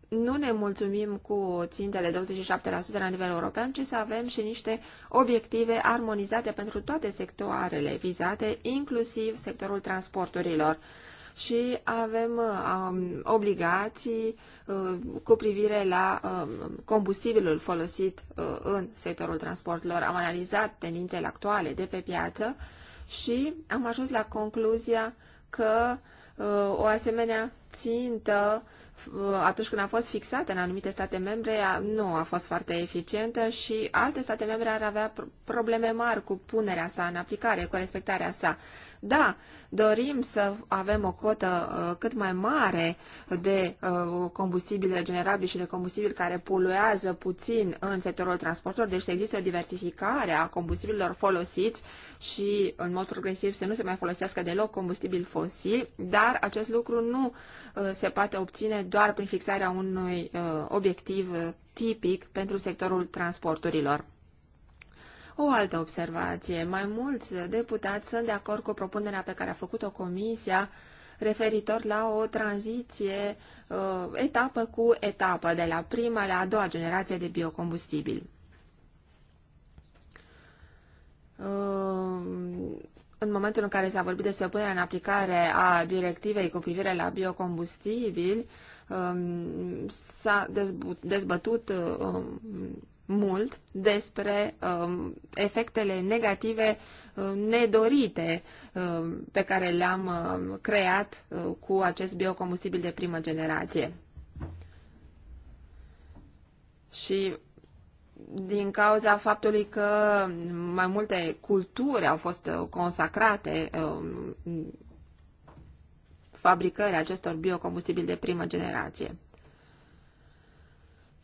nu ne mulțumim cu țintele 27% la nivel european, ci să avem și niște obiective armonizate pentru toate sectoarele vizate, inclusiv sectorul transporturilor și avem um, obligații uh, cu privire la um, combustibilul folosit uh, în sectorul transportelor. Am analizat tendințele actuale de pe piață și am ajuns la concluzia că uh, o asemenea țintă uh, atunci când a fost fixată în anumite state membre, nu a fost foarte eficientă și alte state membre ar avea probleme mari cu punerea sa în aplicare, cu respectarea sa. Da, dorim să avem o cotă uh, cât mai mare de uh, combustibili regenerabili și de combustibili care poluează puțin în sectorul transportului, deci există o diversificare a combustibililor folosiți și în mod progresiv să nu se mai folosească deloc combustibil fosil. dar acest lucru nu uh, se poate obține doar prin fixarea unui obiectiv tipic pentru sectorul transporturilor. O altă observație. Mai mulți deputați sunt de acord cu propunerea pe care a făcut-o Comisia referitor la o tranziție uh, etapă cu etapă, de la prima la a doua generație de biocombustibili. Uh, în momentul în care s-a vorbit despre punerea în aplicare a directivei cu privire la biocombustibili, um, uh, s-a um, dezbătut mult despre um, efectele negative um, nedorite um, pe care le-am um, creat uh, cu acest biocombustibil de primă generație. Și din cauza faptului că mai multe culturi au fost uh, consacrate um, fabricării acestor biocombustibili de primă generație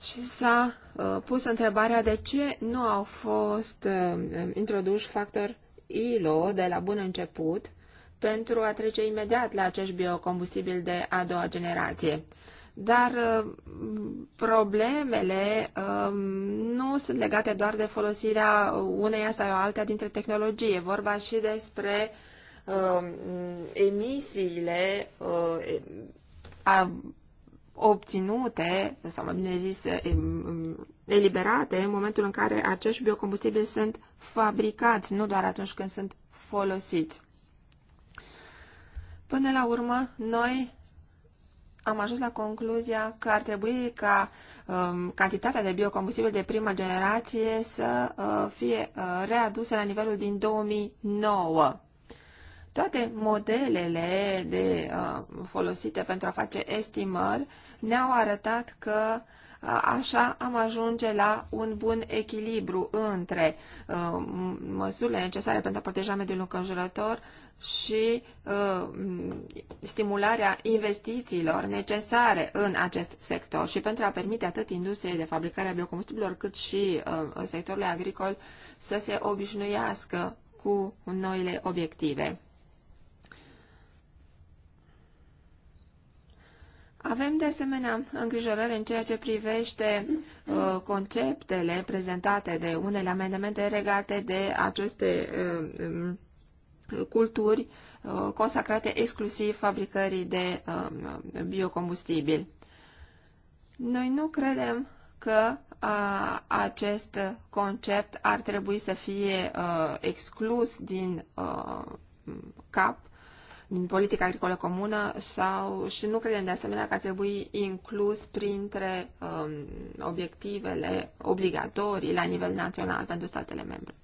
și s-a uh, pus întrebarea de ce nu au fost uh, introduși factor ILO de la bun început pentru a trece imediat la acești biocombustibili de a doua generație. Dar uh, problemele um, nu sunt legate doar de folosirea uneia sau alta dintre tehnologie. Vorba și despre um, emisiile uh, a obținute, sau mai bine zis, eliberate în momentul în care acești biocombustibili sunt fabricați, nu doar atunci când sunt folosiți. Până la urmă, noi am ajuns la concluzia că ar trebui ca um, cantitatea de biocombustibil de prima generație să uh, fie uh, readusă la nivelul din 2009. Toate modelele de, uh, folosite pentru a face estimări ne-au arătat că uh, așa am ajunge la un bun echilibru între uh, măsurile necesare pentru a proteja mediul înconjurător și uh, stimularea investițiilor necesare în acest sector și pentru a permite atât industriei de fabricare a biocombustibilor cât și uh, sectorului agricol să se obișnuiască cu noile obiective. Avem de asemenea îngrijorări în ceea ce privește uh, conceptele prezentate de unele amendamente regate de aceste uh, um, culturi uh, consacrate exclusiv fabricării de uh, biocombustibil. Noi nu credem că uh, acest concept ar trebui să fie uh, exclus din uh, cap din politica agricolă comună sau și nu credem de asemenea că ar trebui inclus printre um, obiectivele obligatorii la nivel național pentru statele membre.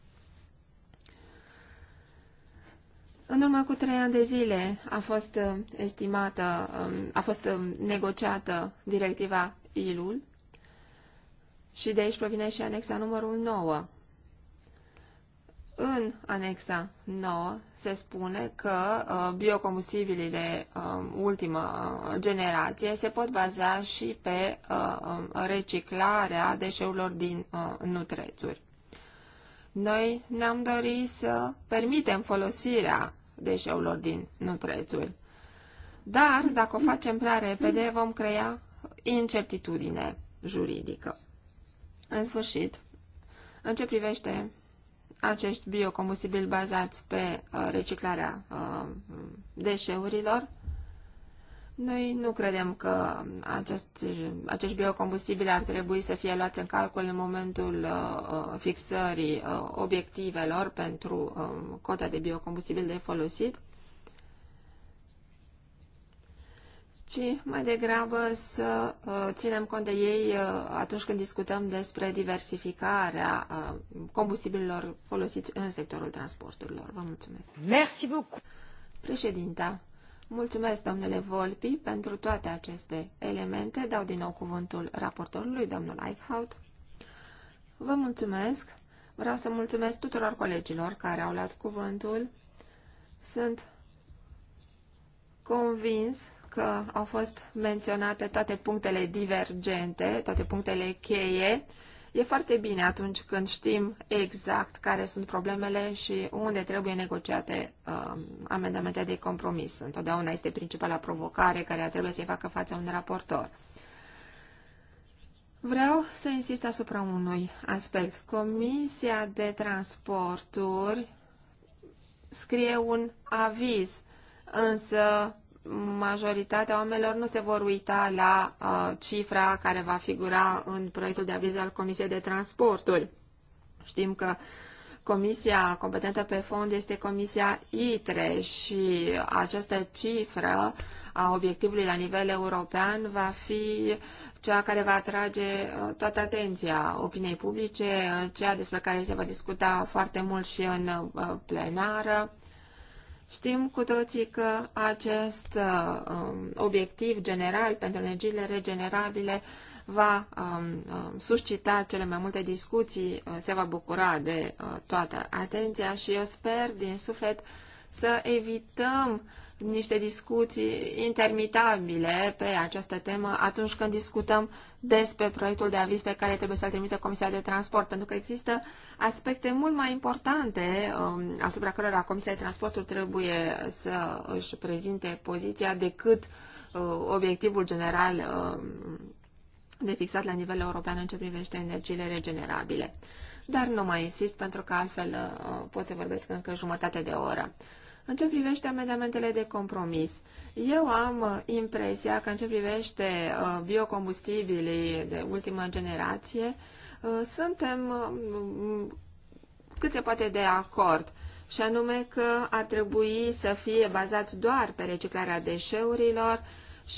În urmă cu trei ani de zile a fost uh, estimată, um, a fost um, negociată directiva ILUL și de aici provine și anexa numărul 9 în anexa 9 se spune că uh, biocombustibilii de um, ultimă uh, generație se pot baza și pe uh, um, reciclarea deșeurilor din uh, nutrețuri. Noi ne-am dorit să permitem folosirea deșeurilor din nutrețuri. Dar, dacă o facem prea repede, vom crea incertitudine juridică. În sfârșit, în ce privește acești biocombustibili bazați pe uh, reciclarea uh, deșeurilor. Noi nu credem că acest, acești biocombustibili ar trebui să fie luați în calcul în momentul uh, fixării obiectivelor pentru um, cota de biocombustibil de folosit. ci mai degrabă să uh, ținem cont de ei uh, atunci când discutăm despre diversificarea uh, combustibililor folosiți în sectorul transporturilor. Vă mulțumesc. Merci beaucoup. Președinta, mulțumesc domnule Volpi pentru toate aceste elemente. Dau din nou cuvântul raportorului, domnul Eichhout. Vă mulțumesc. Vreau să mulțumesc tuturor colegilor care au luat cuvântul. Sunt convins că au fost menționate toate punctele divergente, toate punctele cheie. E foarte bine atunci când știm exact care sunt problemele și unde trebuie negociate uh, amendamente de compromis. Întotdeauna este principala provocare care trebuie să-i facă față un raportor. Vreau să insist asupra unui aspect. Comisia de Transporturi scrie un aviz, însă majoritatea oamenilor nu se vor uita la uh, cifra care va figura în proiectul de aviz al Comisiei de Transporturi. Știm că comisia competentă pe fond este Comisia ITRE și această cifră a obiectivului la nivel european va fi cea care va atrage uh, toată atenția opiniei publice, uh, ceea despre care se va discuta foarte mult și în uh, plenară Știm cu toții că acest uh, um, obiectiv general pentru energiile regenerabile va um, um, suscita cele mai multe discuții, uh, se va bucura de uh, toată atenția și eu sper din suflet să evităm niște discuții intermitabile pe această temă atunci când discutăm despre proiectul de aviz pe care trebuie să-l trimită Comisia de Transport, pentru că există aspecte mult mai importante um, asupra cărora Comisia de Transporturi trebuie să își prezinte poziția decât uh, obiectivul general um, de fixat la nivel european în ce privește energiile regenerabile. Dar nu mai insist pentru că altfel uh, pot să vorbesc încă jumătate de oră. În ce privește amendamentele de compromis, eu am uh, impresia că în ce privește uh, biocombustibilii de ultimă generație, uh, suntem cât se poate de acord, și anume că ar trebui să fie bazați doar pe reciclarea deșeurilor,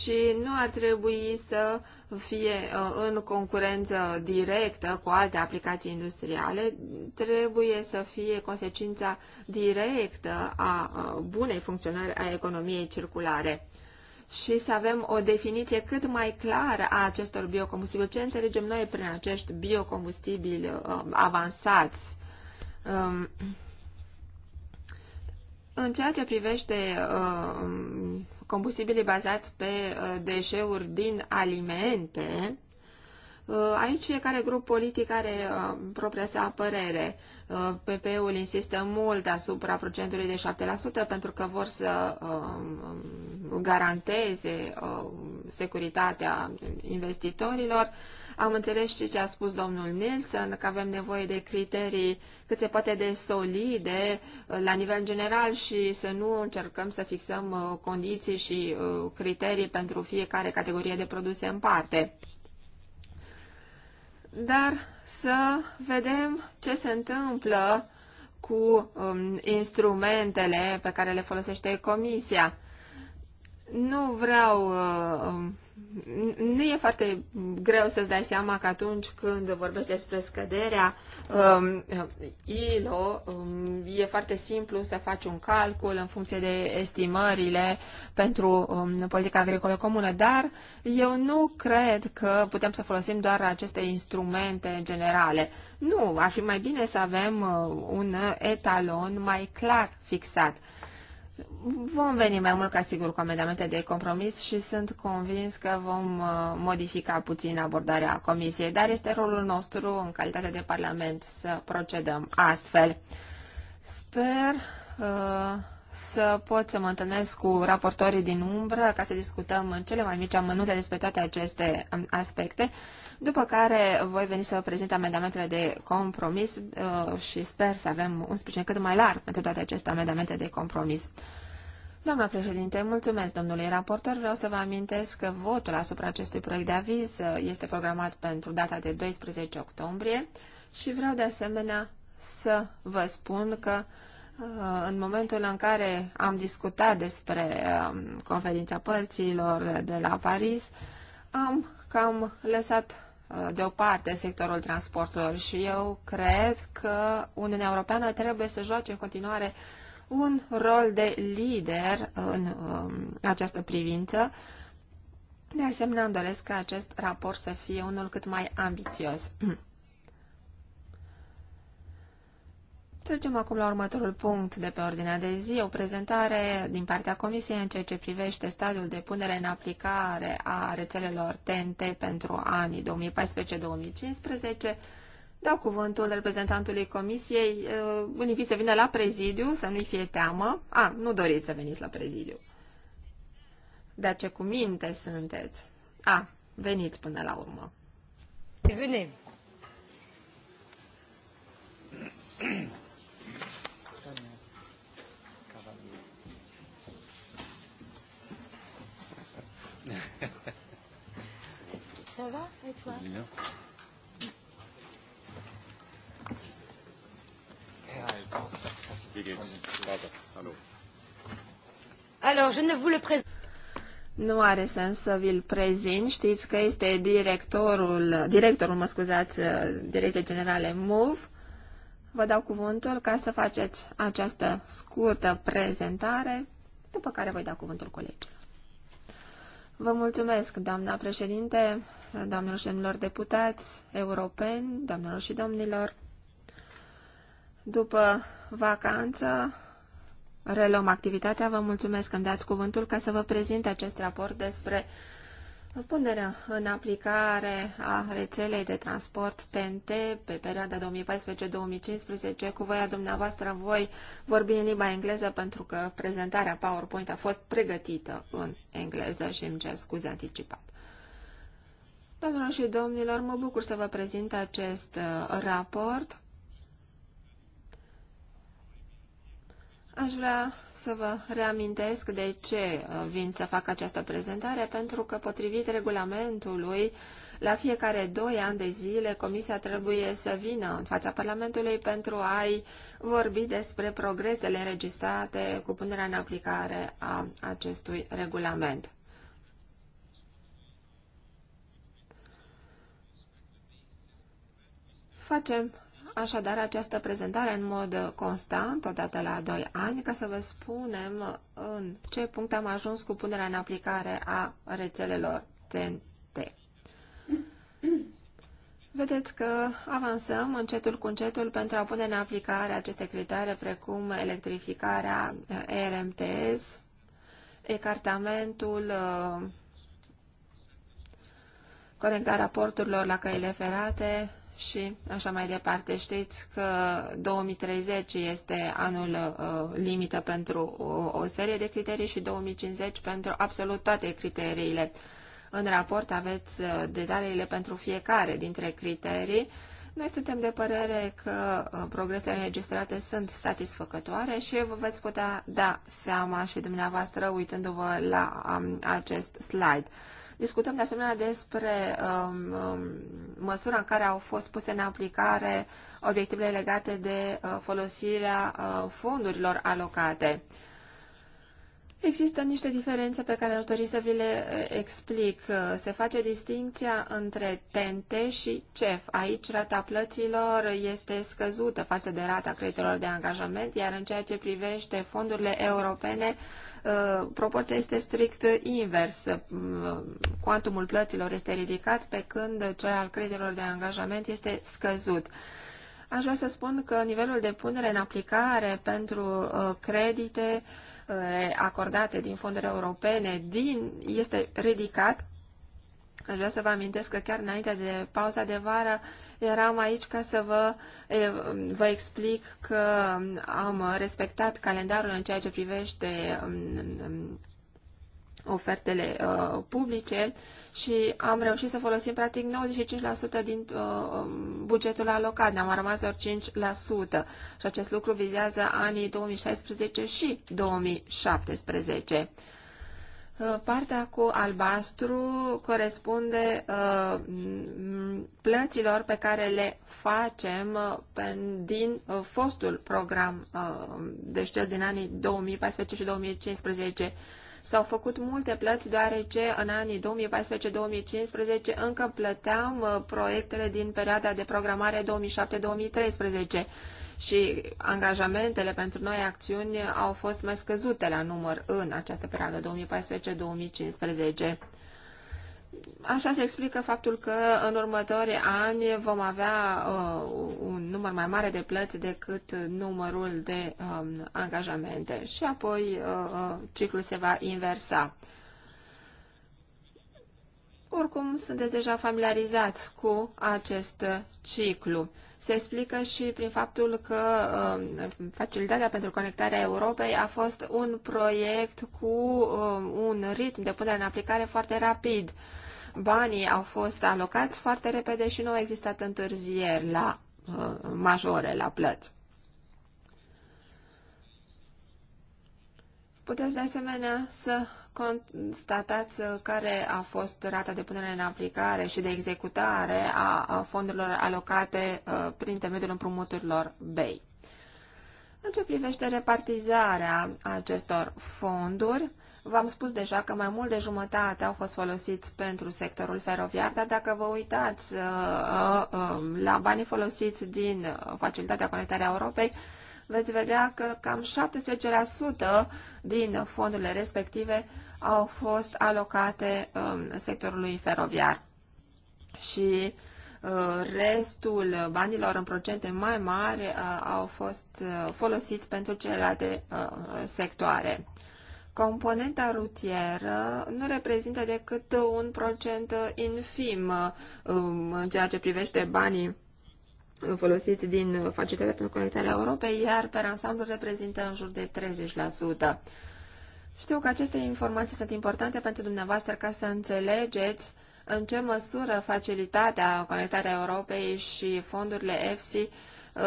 și nu ar trebui să fie uh, în concurență directă cu alte aplicații industriale, trebuie să fie consecința directă a uh, bunei funcționări a economiei circulare și să avem o definiție cât mai clară a acestor biocombustibili. Ce înțelegem noi prin acești biocombustibili uh, avansați? Um, în ceea ce privește uh, combustibilii bazați pe uh, deșeuri din alimente, uh, aici fiecare grup politic are uh, propria sa părere. Uh, PP-ul insistă mult asupra procentului de 7% pentru că vor să uh, garanteze uh, securitatea investitorilor. Uh, am înțeles și ce a spus domnul Nilsson, că avem nevoie de criterii cât se poate de solide uh, la nivel general și să nu încercăm să fixăm uh, condiții și uh, criterii pentru fiecare categorie de produse în parte dar să vedem ce se întâmplă cu um, instrumentele pe care le folosește Comisia. Nu vreau uh, um, nu e foarte greu să-ți dai seama că atunci când vorbești despre scăderea um, ILO, um, e foarte simplu să faci un calcul în funcție de estimările pentru um, politica agricolă comună, dar eu nu cred că putem să folosim doar aceste instrumente generale. Nu, ar fi mai bine să avem uh, un etalon mai clar fixat Vom veni mai mult ca sigur cu amendamente de compromis și sunt convins că vom uh, modifica puțin abordarea comisiei, dar este rolul nostru în calitate de Parlament să procedăm astfel. Sper uh, să pot să mă întâlnesc cu raportorii din umbră ca să discutăm în cele mai mici amănunte despre toate aceste um, aspecte după care voi veni să prezint amendamentele de compromis uh, și sper să avem un sprijin cât mai larg pentru toate aceste amendamente de compromis. Doamna președinte, mulțumesc domnului raportor. Vreau să vă amintesc că votul asupra acestui proiect de aviz uh, este programat pentru data de 12 octombrie și vreau de asemenea să vă spun că uh, în momentul în care am discutat despre um, conferința părților de la Paris, am cam lăsat deoparte sectorul transporturilor și eu cred că Uniunea Europeană trebuie să joace în continuare un rol de lider în um, această privință. De asemenea, îmi doresc ca acest raport să fie unul cât mai ambițios. [CLEARS THROAT] Trecem acum la următorul punct de pe ordinea de zi, o prezentare din partea Comisiei în ceea ce privește stadiul de punere în aplicare a rețelelor TNT pentru anii 2014-2015. Dau cuvântul reprezentantului Comisiei, uh, unii să vină la prezidiu, să nu-i fie teamă. A, nu doriți să veniți la prezidiu. Dar ce cu minte sunteți. A, veniți până la urmă. Venim. Ça va Et toi Bien. Alors, je ne vous le présente nu are sens să vi-l prezint. Știți că este directorul, directorul, mă scuzați, director Generale MOVE. Vă dau cuvântul ca să faceți această scurtă prezentare, după care voi da cuvântul colegilor. Vă mulțumesc, doamna președinte, doamnelor și domnilor deputați europeni, doamnelor și domnilor. După vacanță, reluăm activitatea. Vă mulțumesc că îmi dați cuvântul ca să vă prezint acest raport despre punerea în aplicare a rețelei de transport TNT pe perioada 2014-2015. Cu voia dumneavoastră voi vorbi în limba engleză pentru că prezentarea PowerPoint a fost pregătită în engleză și îmi cer scuze anticipat. Doamnelor și domnilor, mă bucur să vă prezint acest uh, raport. Aș vrea să vă reamintesc de ce uh, vin să fac această prezentare, pentru că potrivit regulamentului, la fiecare doi ani de zile, Comisia trebuie să vină în fața Parlamentului pentru a-i vorbi despre progresele înregistrate cu punerea în aplicare a acestui regulament. Facem așadar această prezentare în mod constant, odată la 2 ani, ca să vă spunem în ce punct am ajuns cu punerea în aplicare a rețelelor TNT. Vedeți că avansăm încetul cu încetul pentru a pune în aplicare aceste criterii, precum electrificarea eh, RMTS, ecartamentul, eh, conectarea porturilor la căile ferate, și așa mai departe. Știți că 2030 este anul uh, limită pentru o, o serie de criterii și 2050 pentru absolut toate criteriile. În raport aveți uh, detaliile pentru fiecare dintre criterii. Noi suntem de părere că uh, progresele înregistrate sunt satisfăcătoare și vă veți putea da seama și dumneavoastră uitându-vă la um, acest slide. Discutăm de asemenea despre um, um, măsura în care au fost puse în aplicare obiectivele legate de uh, folosirea uh, fondurilor alocate. Uh, Există niște diferențe pe care aș dori să vi le uh, explic. Uh, se face distinția între tente și CEF. Aici rata plăților este scăzută față de rata creditelor de angajament, iar în ceea ce privește fondurile europene, uh, proporția este strict invers. Quantumul plăților este ridicat, pe când cel al creditelor de angajament este scăzut. Aș vrea să spun că nivelul de punere în aplicare pentru credite Uh, acordate din fonduri europene din, este ridicat. Aș vrea să vă amintesc că chiar înainte de pauza de vară eram aici ca să vă, vă explic că am respectat calendarul în ceea ce privește um, ofertele uh, publice și am reușit să folosim practic 95% din uh, um, bugetul alocat, ne-am rămas doar 5% și acest lucru vizează anii 2016 și 2017. Uh, partea cu albastru corespunde uh, plăților pe care le facem uh, din uh, fostul program, uh, deci cel din anii 2014 și 2015 S-au făcut multe plăți deoarece în anii 2014-2015 încă plăteam uh, proiectele din perioada de programare 2007-2013 și angajamentele pentru noi acțiuni au fost mai scăzute la număr în această perioadă 2014-2015. Așa se explică faptul că în următorii ani vom avea uh, un număr mai mare de plăți decât numărul de um, angajamente și apoi uh, uh ciclul se va inversa. Oricum, sunteți deja familiarizați cu acest ciclu. Se explică și prin faptul că uh, Facilitatea pentru Conectarea Europei a fost un proiect cu uh, un ritm de punere în aplicare foarte rapid. Banii au fost alocați foarte repede și nu au existat întârzieri la uh, majore, la plăți. Puteți de asemenea să constatați uh, care a fost rata de punere în aplicare și de executare a fondurilor alocate uh, prin intermediul împrumuturilor BEI. În ce privește repartizarea acestor fonduri, v-am spus deja că mai mult de jumătate au fost folosiți pentru sectorul feroviar, dar dacă vă uitați uh, um, la banii folosiți din Facilitatea Conectarea Europei, veți vedea că cam 17% din fondurile respective au fost alocate um, sectorului feroviar. Și uh, restul banilor în procente mai mari uh, au fost uh, folosiți pentru celelalte sectoare. Componenta rutieră nu reprezintă decât un procent infim um, în ceea ce privește banii folosiți din facilitatea pentru conectarea Europei, iar pe ansamblu reprezintă în jur de 30%. Știu că aceste informații sunt importante pentru dumneavoastră ca să înțelegeți în ce măsură facilitatea conectarea Europei și fondurile EFSI uh,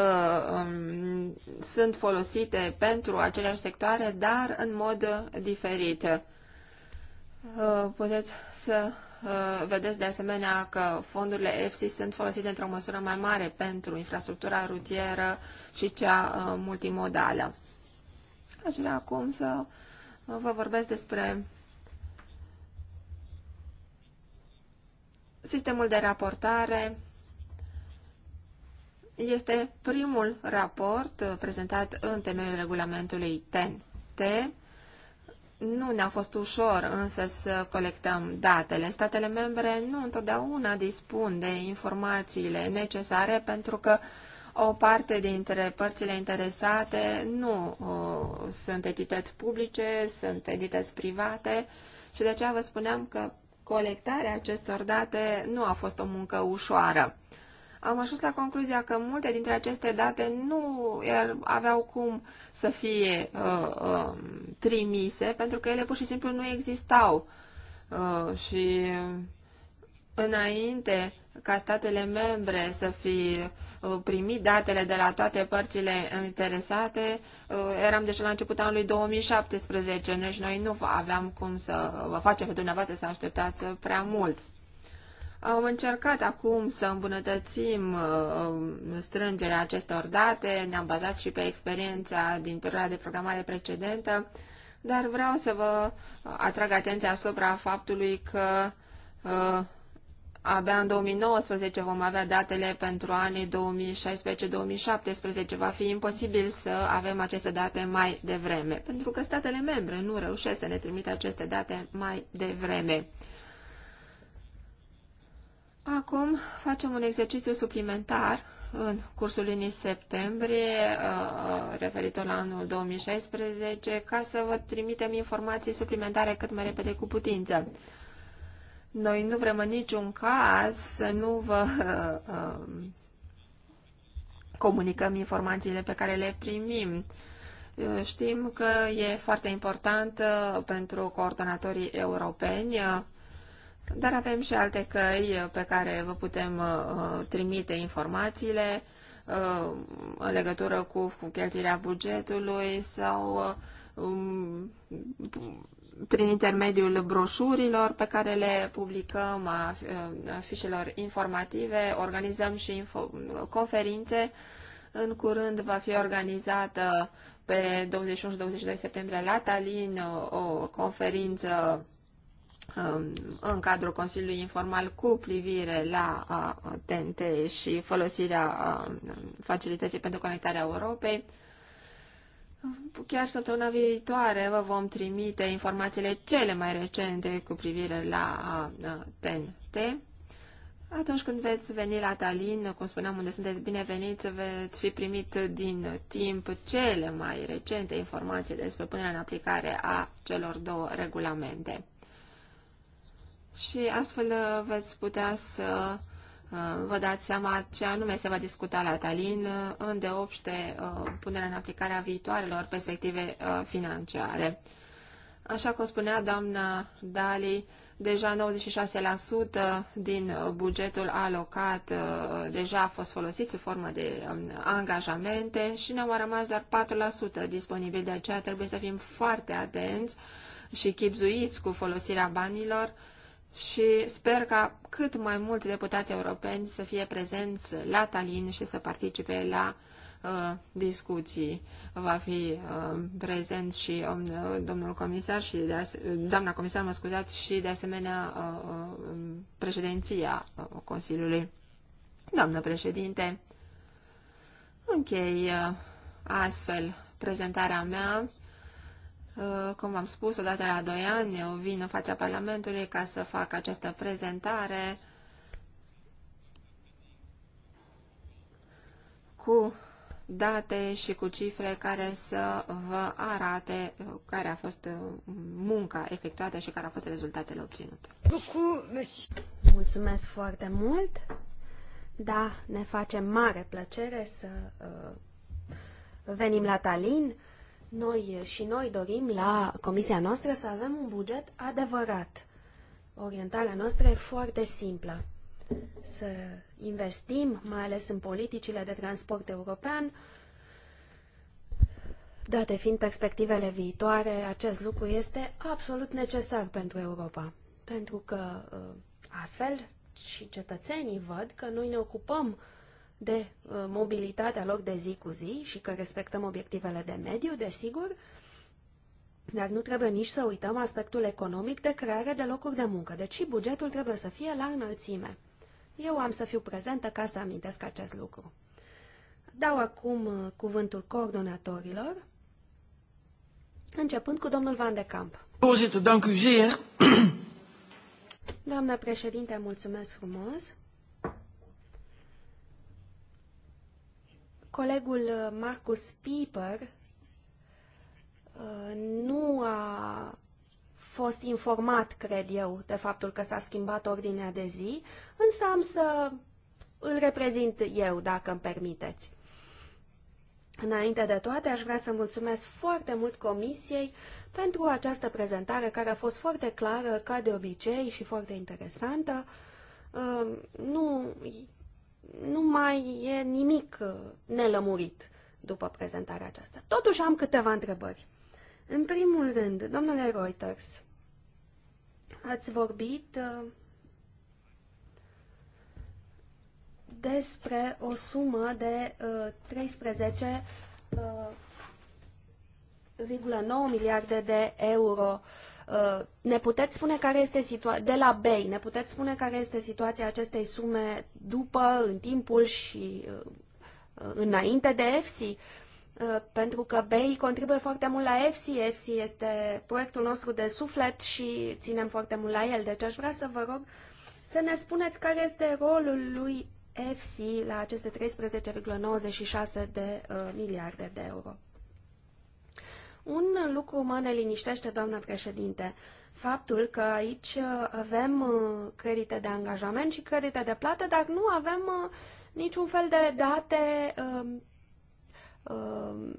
um, sunt folosite pentru aceleași sectoare, dar în mod diferit. Uh, puteți să Uh, vedeți de asemenea că fondurile EFSI sunt folosite într-o măsură mai mare pentru infrastructura rutieră și cea uh, multimodală. Aș vrea acum să uh, vă vorbesc despre sistemul de raportare. Este primul raport prezentat în temeiul regulamentului TEN-T nu ne-a fost ușor însă să colectăm datele. Statele membre nu întotdeauna dispun de informațiile necesare pentru că o parte dintre părțile interesate nu uh, sunt entități publice, sunt entități private și de aceea vă spuneam că colectarea acestor date nu a fost o muncă ușoară am ajuns la concluzia că multe dintre aceste date nu er, aveau cum să fie uh, uh, trimise, pentru că ele pur și simplu nu existau. Uh, și înainte ca statele membre să fi uh, primit datele de la toate părțile interesate, uh, eram deja la începutul anului 2017 și deci noi nu aveam cum să vă facem pe dumneavoastră să așteptați prea mult. Au încercat acum să îmbunătățim uh, strângerea acestor date, ne-am bazat și pe experiența din perioada de programare precedentă, dar vreau să vă atrag atenția asupra faptului că uh, abia în 2019 vom avea datele pentru anii 2016-2017. Va fi imposibil să avem aceste date mai devreme, pentru că statele membre nu reușesc să ne trimită aceste date mai devreme. Acum facem un exercițiu suplimentar în cursul lunii septembrie, uh, uh, referitor la anul 2016, ca să vă trimitem informații suplimentare cât mai repede cu putință. Noi nu vrem în niciun caz să nu vă uh, um, comunicăm informațiile pe care le primim. Știm că e foarte important pentru coordonatorii europeni dar avem și alte căi pe care vă putem uh, trimite informațiile uh, în legătură cu cheltuirea bugetului sau uh, um, prin intermediul broșurilor pe care le publicăm, a fișelor informative, organizăm și info, conferințe. În curând va fi organizată pe 21-22 septembrie la Tallinn o conferință Um, în cadrul Consiliului Informal cu privire la TNT și folosirea facilității pentru conectarea Europei. Chiar săptămâna viitoare vă vom trimite informațiile cele mai recente cu privire la TNT. Atunci când veți veni la Tallinn, cum spuneam, unde sunteți bineveniți, veți fi primit din timp cele mai recente informații despre punerea în aplicare a celor două regulamente și astfel uh, veți putea să uh, vă dați seama ce anume se va discuta la Talin uh, în deopște punerea în aplicare a viitoarelor perspective financiare. Așa cum spunea doamna Dali, deja 96% din bugetul alocat deja a fost folosit sub formă de um, angajamente și ne-au rămas doar 4% disponibil. De aceea trebuie să fim foarte atenți și chipzuiți cu folosirea banilor și sper ca cât mai mulți deputați europeni să fie prezenți la Tallinn și să participe la uh, discuții. Va fi uh, prezent și om, uh, domnul comisar și de as- doamna comisar, mă scuzați, și de asemenea uh, uh președinția Consiliului. Doamnă președinte, închei astfel prezentarea mea. Uh, cum am spus, odată la doi ani eu vin în fața Parlamentului ca să fac această prezentare cu date și cu cifre care să vă arate uh, care a fost uh, munca efectuată și care au fost rezultatele obținute. Mulțumesc foarte mult! Da, ne face mare plăcere să uh, venim la Tallinn. Noi și noi dorim la comisia noastră să avem un buget adevărat. Orientarea noastră e foarte simplă. Să investim, mai ales în politicile de transport european, date fiind perspectivele viitoare, acest lucru este absolut necesar pentru Europa. Pentru că ă, astfel și cetățenii văd că noi ne ocupăm de uh, mobilitatea lor de zi cu zi și că respectăm obiectivele de mediu, desigur, dar nu trebuie nici să uităm aspectul economic de creare de locuri de muncă, deci bugetul trebuie să fie la înălțime. Eu am să fiu prezentă ca să amintesc acest lucru. Dau acum uh, cuvântul coordonatorilor, începând cu domnul Van de Camp. Doamnă președinte, mulțumesc frumos. Colegul uh, Marcus Piper uh, nu a fost informat, cred eu, de faptul că s-a schimbat ordinea de zi, însă am să îl reprezint eu, dacă îmi permiteți. Înainte de toate, aș vrea să mulțumesc foarte mult Comisiei pentru această prezentare care a fost foarte clară, ca de obicei, și foarte interesantă. Uh, nu nu mai e nimic nelămurit după prezentarea aceasta. Totuși am câteva întrebări. În primul rând, domnule Reuters, ați vorbit uh, despre o sumă de 13 uh, uh, miliarde de euro Uh, ne puteți spune care este situația, de la BEI, ne puteți spune care este situația acestei sume după, în timpul și uh, înainte de EFSI? Uh, pentru că BEI contribuie foarte mult la EFSI, EFSI este proiectul nostru de suflet și ținem foarte mult la el, deci aș vrea să vă rog să ne spuneți care este rolul lui EFSI la aceste 13,96 de uh, miliarde de euro. Un lucru mă liniștește, doamnă președinte, faptul că aici avem uh, credite de angajament și credite de plată, dar nu avem uh, niciun fel de date um, um,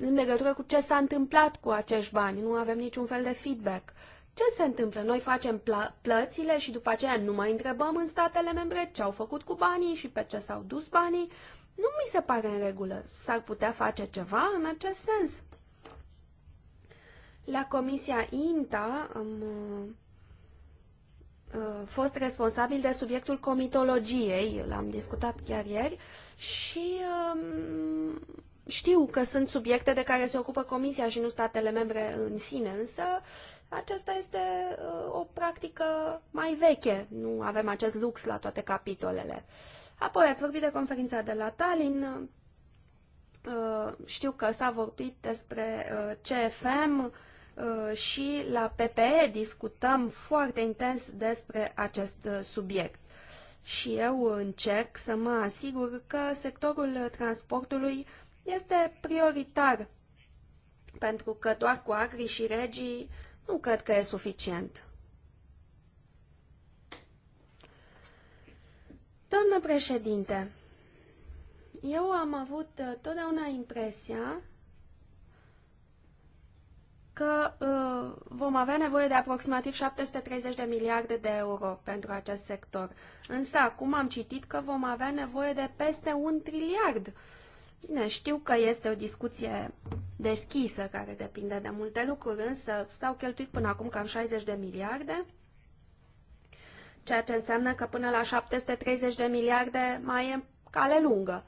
în legătură cu ce s-a întâmplat cu acești bani. Nu avem niciun fel de feedback. Ce se întâmplă? Noi facem plă- plățile și după aceea nu mai întrebăm în statele membre ce au făcut cu banii și pe ce s-au dus banii. Nu mi se pare în regulă. S-ar putea face ceva în acest sens. La Comisia INTA am uh, uh, fost responsabil de subiectul comitologiei, l-am discutat chiar ieri, și um, știu că sunt subiecte de care se ocupă Comisia și nu statele membre în sine, însă aceasta este uh, o practică mai veche. Nu avem acest lux la toate capitolele. Apoi ați vorbit de conferința de la Tallinn. știu că s-a vorbit despre CFM Uh, și la PPE discutăm foarte intens despre acest uh, subiect. Și eu încerc să mă asigur că sectorul transportului este prioritar, pentru că doar cu agri și regii nu cred că e suficient. Doamnă președinte, eu am avut uh, totdeauna impresia că uh, vom avea nevoie de aproximativ 730 de miliarde de euro pentru acest sector. Însă acum am citit că vom avea nevoie de peste un triliard. Bine, știu că este o discuție deschisă care depinde de multe lucruri, însă s-au cheltuit până acum cam 60 de miliarde, ceea ce înseamnă că până la 730 de miliarde mai e cale lungă.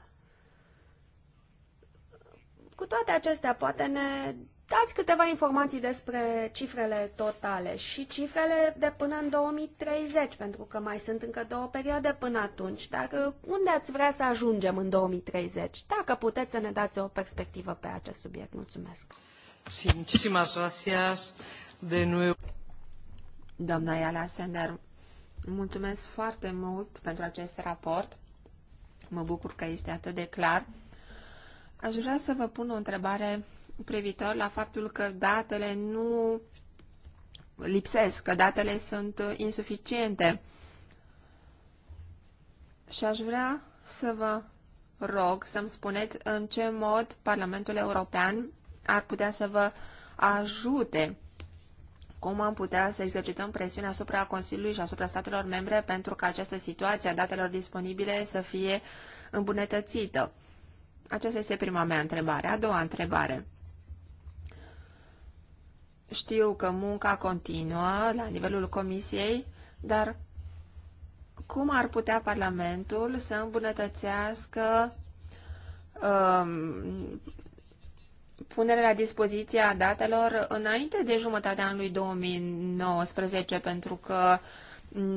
Cu toate acestea, poate ne dați câteva informații despre cifrele totale și cifrele de până în 2030, pentru că mai sunt încă două perioade până atunci. Dar uh, unde ați vrea să ajungem în 2030? Dacă puteți să ne dați o perspectivă pe acest subiect. Mulțumesc. Sí, muchísimas gracias de nuevo. Doamna Iala Sender, mulțumesc foarte mult pentru acest raport. Mă bucur că este atât de clar. Aș vrea să vă pun o întrebare privitor la faptul că datele nu lipsesc, că datele sunt insuficiente. Și aș vrea să vă rog să-mi spuneți în ce mod Parlamentul European ar putea să vă ajute cum am putea să exercităm presiunea asupra Consiliului și asupra statelor membre pentru ca această situație a datelor disponibile să fie îmbunătățită? Aceasta este prima mea întrebare. A doua întrebare. Știu că munca continuă la nivelul comisiei, dar cum ar putea Parlamentul să îmbunătățească um, punerea la dispoziție a datelor înainte de jumătatea anului 2019, pentru că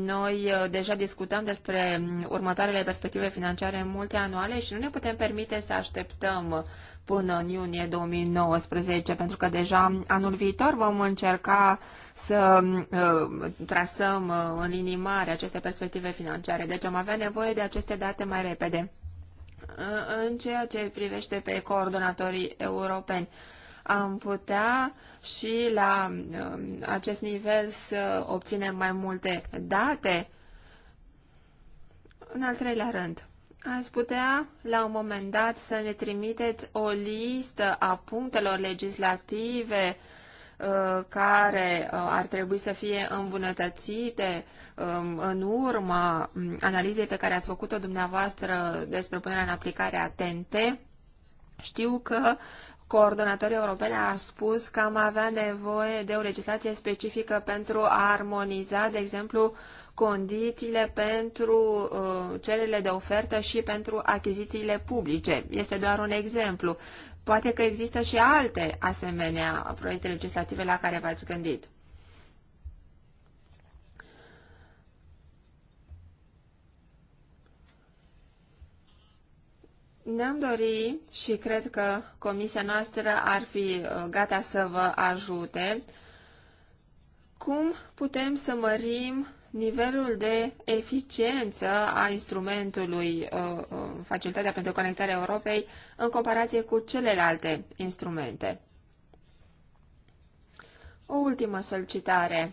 noi uh, deja discutăm despre um, următoarele perspective financiare multianuale și nu ne putem permite să așteptăm până în iunie 2019, pentru că deja anul viitor vom încerca să uh, trasăm uh, în linii mari aceste perspective financiare. Deci am avea nevoie de aceste date mai repede. Uh, în ceea ce privește pe coordonatorii europeni, am putea și la uh, acest nivel să obținem mai multe date. În al treilea rând, Ați putea, la un moment dat, să ne trimiteți o listă a punctelor legislative uh, care uh, ar trebui să fie îmbunătățite um, în urma um, analizei pe care ați făcut-o dumneavoastră despre punerea în aplicare a TNT. Știu că coordonatorii europene ar spus că am avea nevoie de o legislație specifică pentru a armoniza, de exemplu, condițiile pentru uh, cererile de ofertă și pentru achizițiile publice. Este doar un exemplu. Poate că există și alte asemenea proiecte legislative la care v-ați gândit. Ne-am dorit și cred că comisia noastră ar fi uh, gata să vă ajute cum putem să mărim nivelul de eficiență a instrumentului uh, uh, Facilitatea pentru Conectarea Europei în comparație cu celelalte instrumente. O ultimă solicitare.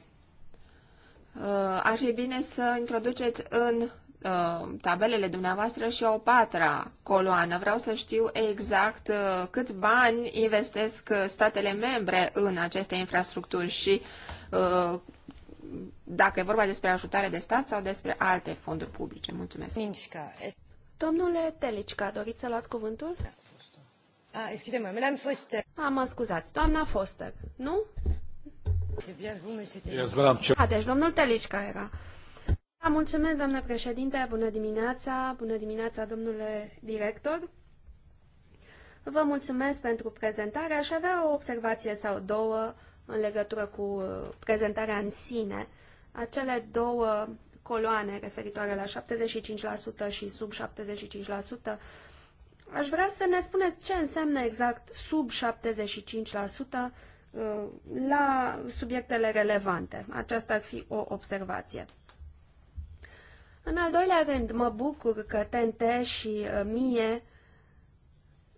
Ar fi bine să introduceți în Uh, tabelele dumneavoastră și o patra coloană. Vreau să știu exact uh, cât bani investesc uh, statele membre în aceste infrastructuri și dacă e vorba despre ajutare de stat sau despre alte fonduri publice. Mulțumesc. Nimica. Domnule Telicica, doriți să luați cuvântul? Ah, excusez-moi, Madame Foster. Am scuzați, doamna Foster, nu? Yes, madame. Ah, deci domnul Telicica era. Da, mulțumesc, doamnă președinte, bună dimineața, bună dimineața, domnule director. Vă mulțumesc pentru prezentare. Aș avea o observație sau două în legătură cu uh, prezentarea în sine. Acele două coloane referitoare la 75% și sub 75%, aș vrea să ne spuneți ce înseamnă exact sub 75% uh, la subiectele relevante. Aceasta ar fi o observație. În al doilea rând, mă bucur că TNT și uh, mie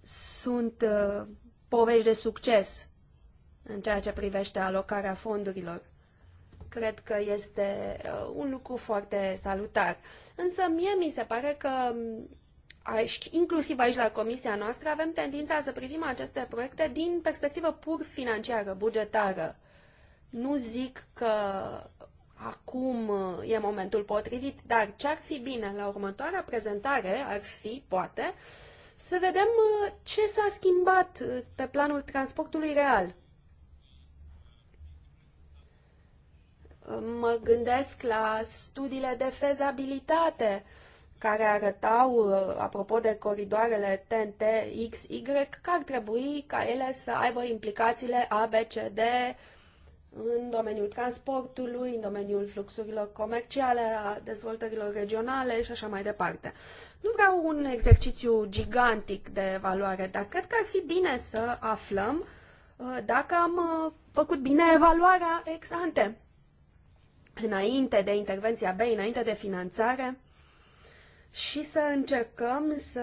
sunt uh, povești de succes în ceea ce privește alocarea fondurilor. Cred că este uh, un lucru foarte salutar. Însă mie mi se pare că um, aici, inclusiv aici la comisia noastră avem tendința să privim aceste proiecte din perspectivă pur financiară, bugetară. Nu zic că acum uh, e momentul potrivit, dar ce ar fi bine la următoarea prezentare ar fi, poate, să vedem uh, ce s-a schimbat uh, pe planul transportului real. Mă gândesc la studiile de fezabilitate care arătau, apropo de coridoarele TNT XY, că ar trebui ca ele să aibă implicațiile ABCD, în domeniul transportului, în domeniul fluxurilor comerciale, a dezvoltărilor regionale și așa mai departe. Nu vreau un exercițiu gigantic de evaluare, dar cred că ar fi bine să aflăm uh, dacă am uh, făcut bine evaluarea ex ante, înainte de intervenția B, înainte de finanțare, și să încercăm să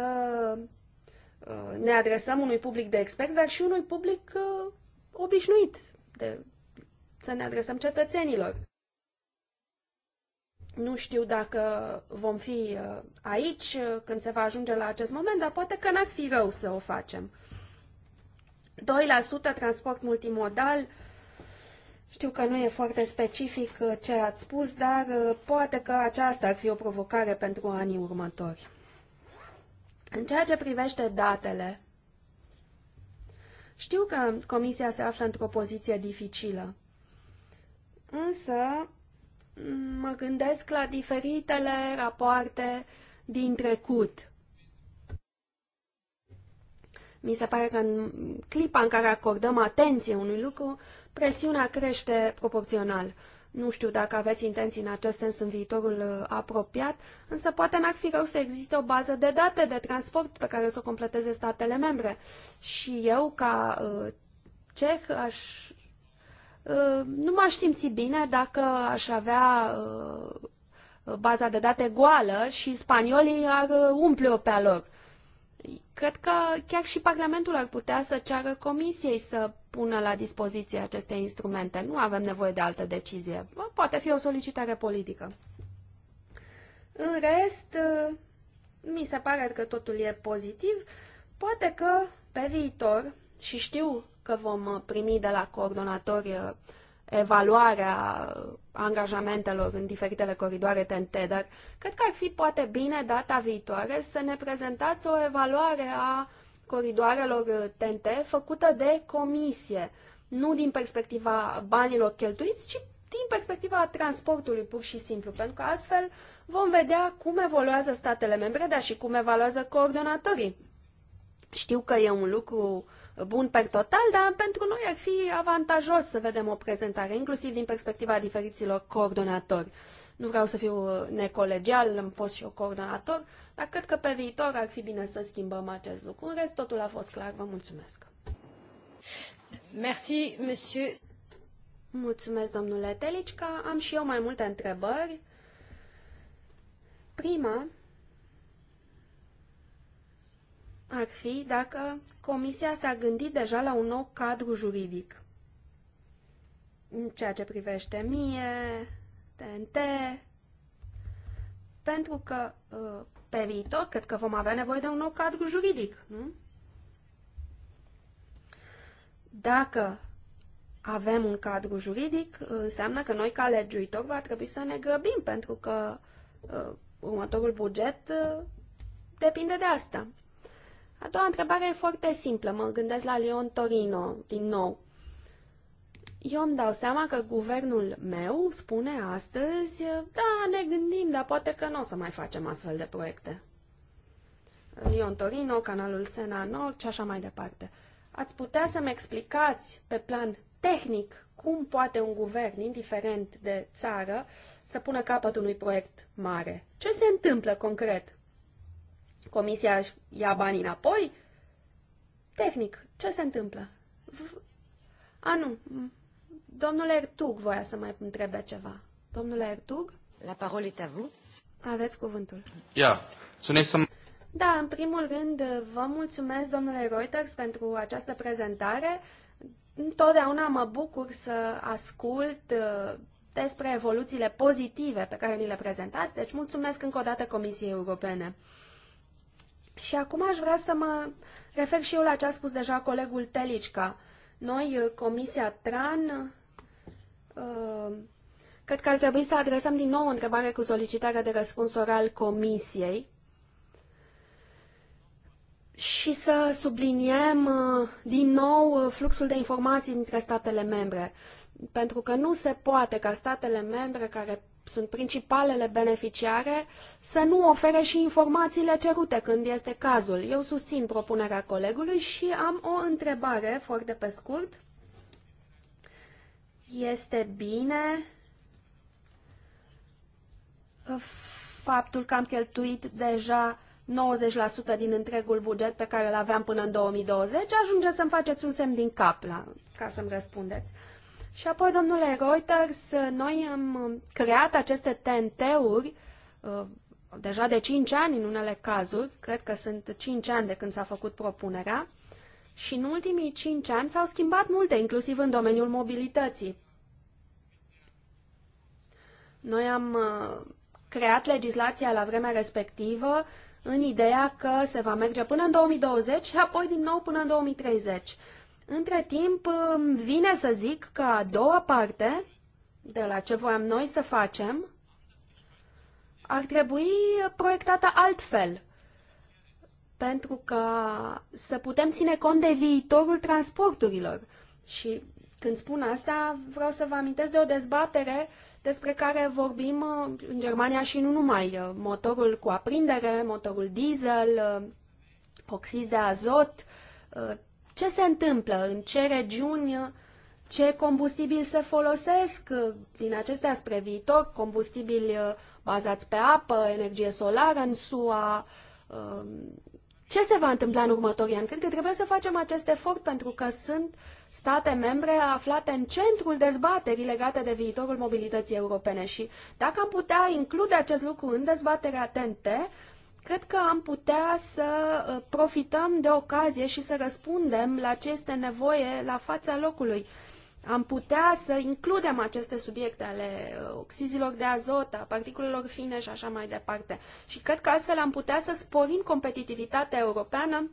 uh, ne adresăm unui public de experți, dar și unui public obișnuit de să ne adresăm cetățenilor. Nu știu dacă vom fi uh, aici uh, când se va ajunge la acest moment, dar poate că n-ar fi rău să o facem. 2% transport multimodal. Știu că nu e foarte specific uh, ce ați spus, dar poate că aceasta ar fi o provocare pentru anii următori. În ceea ce privește datele, știu că Comisia se află într-o poziție dificilă. Însă, mă gândesc la diferitele rapoarte din trecut. Mi se pare că în clipa în care acordăm atenție unui lucru, presiunea crește proporțional. Nu știu dacă aveți intenții în acest sens în viitorul uh, apropiat, însă poate n-ar fi rău să existe o bază de date de transport pe care să o completeze statele membre. Și eu, ca uh, ceh, aș Uh, nu m-aș simți bine dacă aș avea uh, baza de date goală și spaniolii ar uh, umple-o pe a lor. Cred că chiar și Parlamentul ar putea să ceară Comisiei să pună la dispoziție aceste instrumente. Nu avem nevoie de altă decizie. Poate fi o solicitare politică. În rest, mi se pare că totul e pozitiv. Poate că pe viitor, și știu că vom uh, primi de la coordonatori uh, evaluarea angajamentelor în diferitele coridoare TNT, dar cred că ar fi poate bine data viitoare să ne prezentați o evaluare a coridoarelor TNT uh, făcută de comisie, nu din perspectiva banilor cheltuiți, ci din perspectiva transportului pur și simplu, pentru că astfel vom vedea cum evoluează statele membre, dar și cum evaluează coordonatorii. Știu că e un lucru uh, bun pe total, dar pentru noi ar fi avantajos să vedem o prezentare, inclusiv din perspectiva diferiților coordonatori. Nu vreau să fiu necolegial, am fost și eu coordonator, dar cred că pe viitor ar fi bine să schimbăm acest lucru. În rest, totul a fost clar. Vă mulțumesc. Merci, monsieur. Mulțumesc, domnule Telicca. Am și eu mai multe întrebări. Prima, ar fi dacă Comisia s-a gândit deja la un nou cadru juridic. În ceea ce privește mie, TNT, pentru că ă, pe viitor cred că vom avea nevoie de un nou cadru juridic, nu? Dacă avem un cadru juridic, înseamnă că noi ca legiuitor va trebui să ne grăbim, pentru că ă, următorul buget ă, depinde de asta. A doua întrebare e foarte simplă. Mă gândesc la Leon Torino, din nou. Eu îmi dau seama că guvernul meu spune astăzi, da, ne gândim, dar poate că nu o să mai facem astfel de proiecte. Lion Torino, canalul Sena Nord și așa mai departe. Ați putea să-mi explicați pe plan tehnic cum poate un guvern, indiferent de țară, să pună capăt unui proiect mare? Ce se întâmplă concret? comisia își ia banii înapoi? Tehnic, ce se întâmplă? A, nu. Domnule Ertug voia să mai întrebe ceva. Domnule Ertug? La parole est vous. Aveți cuvântul. Ia, sunei să... Da, în primul rând, vă mulțumesc, domnule Reuters, pentru această prezentare. Întotdeauna mă bucur să ascult uh, despre evoluțiile pozitive pe care ni le prezentați, deci mulțumesc încă o dată Comisiei Europene. Și acum aș vrea să mă refer și eu la ce a spus deja colegul Telicca. Noi, uh, Comisia TRAN, uh, cred că ar trebui să adresăm din nou o întrebare cu solicitarea de răspuns oral Comisiei și să subliniem uh, din nou fluxul de informații dintre statele membre. Pentru că nu se poate ca statele membre care sunt principalele beneficiare, să nu ofere și informațiile cerute când este cazul. Eu susțin propunerea colegului și am o întrebare foarte pe scurt. Este bine faptul că am cheltuit deja 90% din întregul buget pe care îl aveam până în 2020, ajunge să-mi faceți un semn din cap la, ca să-mi răspundeți. Și apoi, domnule Reuters, noi am creat aceste TNT-uri uh, deja de 5 ani în unele cazuri, cred că sunt 5 ani de când s-a făcut propunerea, și în ultimii 5 ani s-au schimbat multe, inclusiv în domeniul mobilității. Noi am uh, creat legislația la vremea respectivă în ideea că se va merge până în 2020 și apoi din nou până în 2030. Între timp, vine să zic că a doua parte de la ce voiam noi să facem ar trebui proiectată altfel pentru ca să putem ține cont de viitorul transporturilor. Și când spun asta, vreau să vă amintesc de o dezbatere despre care vorbim uh, în Germania și nu numai. Uh, motorul cu aprindere, motorul diesel, uh, oxid de azot, ce se întâmplă? În ce regiuni, ce combustibil se folosesc uh, din acestea spre viitor? Combustibili uh, bazați pe apă, energie solară în SUA? Um, ce se va întâmpla în următorii ani? Cred că trebuie să facem acest efort pentru că sunt state membre aflate în centrul dezbaterii legate de viitorul mobilității europene și dacă am putea include acest lucru în dezbaterea TNT, Cred că am putea să uh, profităm de ocazie și să răspundem la ce este nevoie la fața locului. Am putea să includem aceste subiecte ale uh, oxizilor de azot, a particulelor fine și așa mai departe. Și cred că astfel am putea să sporim competitivitatea europeană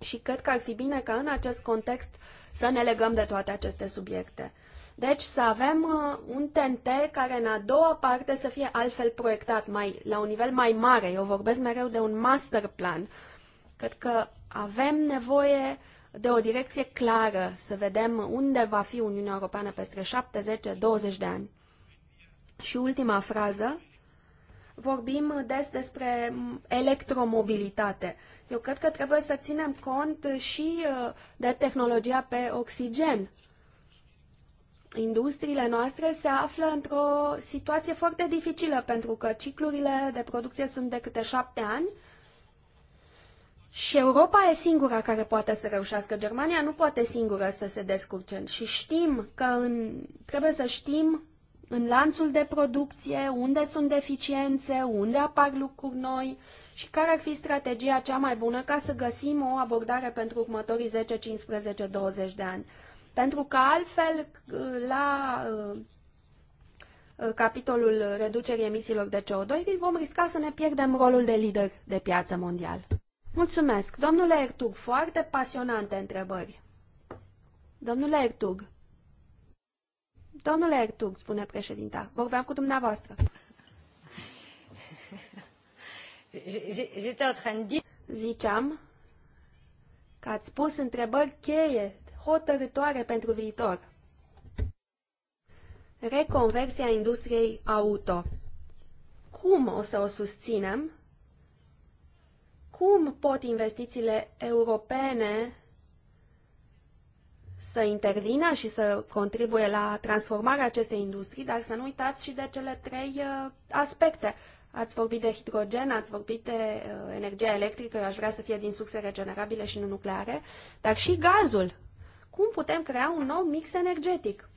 și cred că ar fi bine ca în acest context să ne legăm de toate aceste subiecte. Deci să avem uh, un TNT care în a doua parte să fie altfel proiectat, mai, la un nivel mai mare. Eu vorbesc mereu de un master plan. Cred că avem nevoie de o direcție clară, să vedem unde va fi Uniunea Europeană peste 70-20 de ani. Și ultima frază, vorbim des despre electromobilitate. Eu cred că trebuie să ținem cont și uh, de tehnologia pe oxigen industriile noastre se află într-o situație foarte dificilă pentru că ciclurile de producție sunt de câte șapte ani și Europa e singura care poate să reușească. Germania nu poate singură să se descurce și știm că în, trebuie să știm în lanțul de producție unde sunt deficiențe, unde apar lucruri noi și care ar fi strategia cea mai bună ca să găsim o abordare pentru următorii 10, 15, 20 de ani. Pentru că altfel, la uh, uh, capitolul reducerii emisiilor de CO2, vom risca să ne pierdem rolul de lider de piață mondial. Mulțumesc. Domnule Ertug, foarte pasionante întrebări. Domnule Ertug. Domnule Ertug, spune președinta, vorbeam cu dumneavoastră. Ziceam că ați pus întrebări cheie hotărătoare pentru viitor. Reconversia industriei auto. Cum o să o susținem? Cum pot investițiile europene să intervină și să contribuie la transformarea acestei industrii, dar să nu uitați și de cele trei uh, aspecte. Ați vorbit de hidrogen, ați vorbit de uh, energia electrică, eu aș vrea să fie din surse regenerabile și nu nucleare, dar și gazul cum putem crea un nou mix energetic.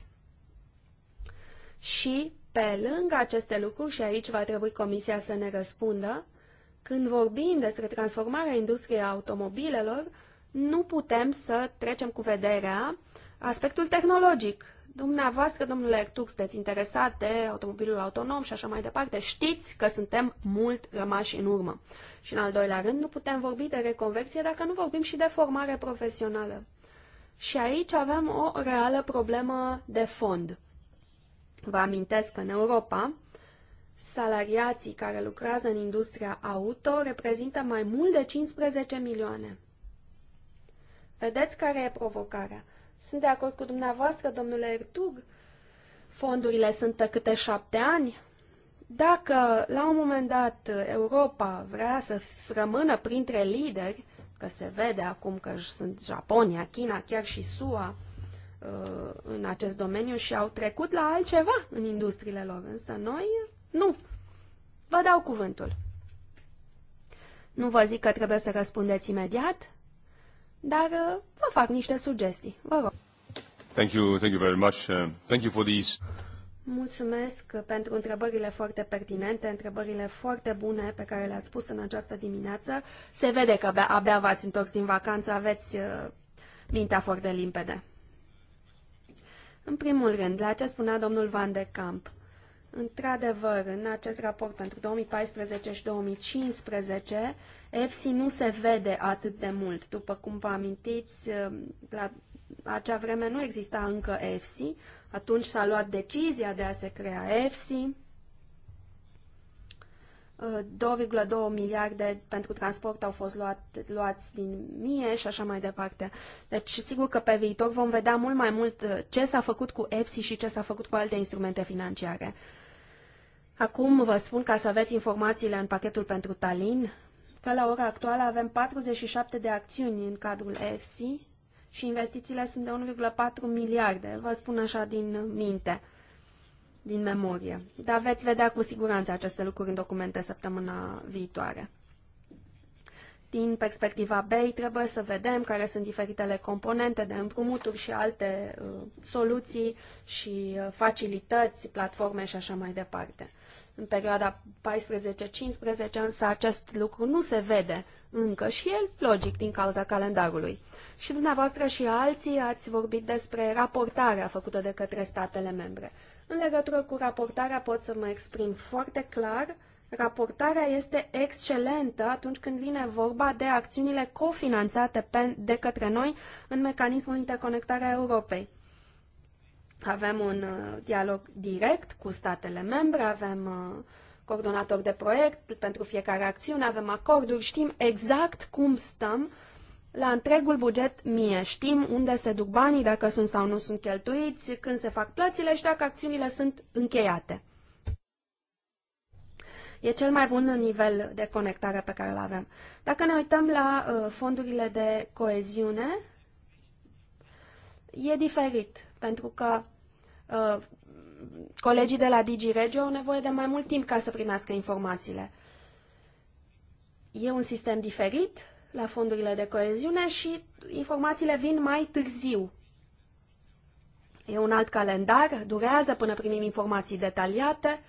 Și, pe lângă aceste lucruri, și aici va trebui Comisia să ne răspundă, când vorbim despre transformarea industriei automobilelor, nu putem să trecem cu vederea aspectul tehnologic. Dumneavoastră, domnule Ertug, sunteți interesat de automobilul autonom și așa mai departe. Știți că suntem mult rămași în urmă. Și în al doilea rând, nu putem vorbi de reconversie dacă nu vorbim și de formare profesională. Și aici avem o reală problemă de fond. Vă amintesc că în Europa, salariații care lucrează în industria auto reprezintă mai mult de 15 milioane. Vedeți care e provocarea. Sunt de acord cu dumneavoastră, domnule Ertug, fondurile sunt pe câte șapte ani. Dacă la un moment dat Europa vrea să rămână printre lideri, că se vede acum că sunt Japonia, China, chiar și SUA uh, în acest domeniu și au trecut la altceva în industriile lor, însă noi nu. Vă dau cuvântul. Nu vă zic că trebuie să răspundeți imediat, dar uh, vă fac niște sugestii. Vă rog. Thank you, thank you very much. Uh, thank you for these. Mulțumesc pentru întrebările foarte pertinente, întrebările foarte bune pe care le-ați pus în această dimineață. Se vede că abia, abia v-ați întors din vacanță, aveți uh, mintea foarte limpede. În primul rând, la ce spunea domnul Van de Camp, Într-adevăr, în acest raport pentru 2014 și 2015, EFSI nu se vede atât de mult. După cum vă amintiți, uh, la acea vreme nu exista încă EFSI, atunci s-a luat decizia de a se crea EFSI, uh, 2,2 miliarde pentru transport au fost luat, luați din mie și așa mai departe. Deci, sigur că pe viitor vom vedea mult mai mult uh, ce s-a făcut cu EFSI și ce s-a făcut cu alte instrumente financiare. Acum vă spun ca să aveți informațiile în pachetul pentru Talin, că la ora actuală avem 47 de acțiuni în cadrul EFSI și investițiile sunt de 1,4 miliarde, vă spun așa din minte, din memorie. Dar veți vedea cu siguranță aceste lucruri în documente săptămâna viitoare. Din perspectiva BEI trebuie să vedem care sunt diferitele componente de împrumuturi și alte uh, soluții și uh, facilități, platforme și așa mai departe în perioada 14-15, însă acest lucru nu se vede încă și el, logic, din cauza calendarului. Și dumneavoastră și alții ați vorbit despre raportarea făcută de către statele membre. În legătură cu raportarea pot să mă exprim foarte clar. Raportarea este excelentă atunci când vine vorba de acțiunile cofinanțate de către noi în mecanismul interconectarea Europei. Avem un uh, dialog direct cu statele membre, avem uh, coordonator de proiect pentru fiecare acțiune, avem acorduri, știm exact cum stăm la întregul buget mie. Știm unde se duc banii, dacă sunt sau nu sunt cheltuiți, când se fac plățile și dacă acțiunile sunt încheiate. E cel mai bun nivel de conectare pe care îl avem. Dacă ne uităm la uh, fondurile de coeziune, e diferit pentru că uh, colegii de la DigiRegio au nevoie de mai mult timp ca să primească informațiile. E un sistem diferit la fondurile de coeziune și informațiile vin mai târziu. E un alt calendar, durează până primim informații detaliate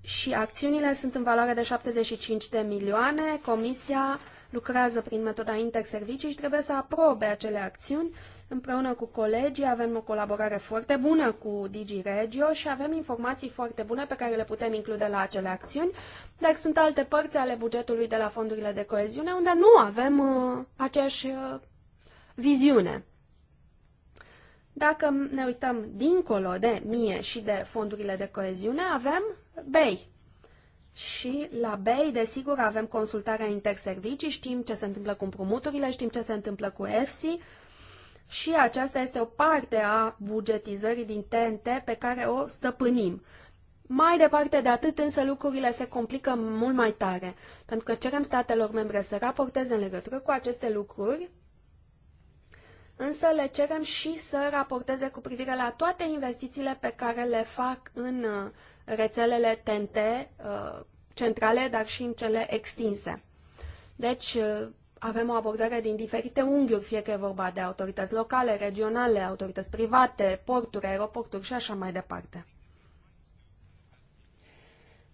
și acțiunile sunt în valoare de 75 de milioane. Comisia lucrează prin metoda interservicii și trebuie să aprobe acele acțiuni Împreună cu colegii avem o colaborare foarte bună cu Digi Regio și avem informații foarte bune pe care le putem include la acele acțiuni, dar sunt alte părți ale bugetului de la fondurile de coeziune unde nu avem uh, aceeași uh, viziune. Dacă ne uităm dincolo de mie și de fondurile de coeziune, avem BEI. Și la BEI, desigur, avem consultarea interservicii, știm ce se întâmplă cu împrumuturile, știm ce se întâmplă cu EFSI, și aceasta este o parte a bugetizării din TNT pe care o stăpânim. Mai departe de atât, însă, lucrurile se complică mult mai tare, pentru că cerem statelor membre să raporteze în legătură cu aceste lucruri, însă le cerem și să raporteze cu privire la toate investițiile pe care le fac în uh, rețelele TNT uh, centrale, dar și în cele extinse. Deci, uh, avem o abordare din diferite unghiuri, fie că e vorba de autorități locale, regionale, autorități private, porturi, aeroporturi și așa mai departe.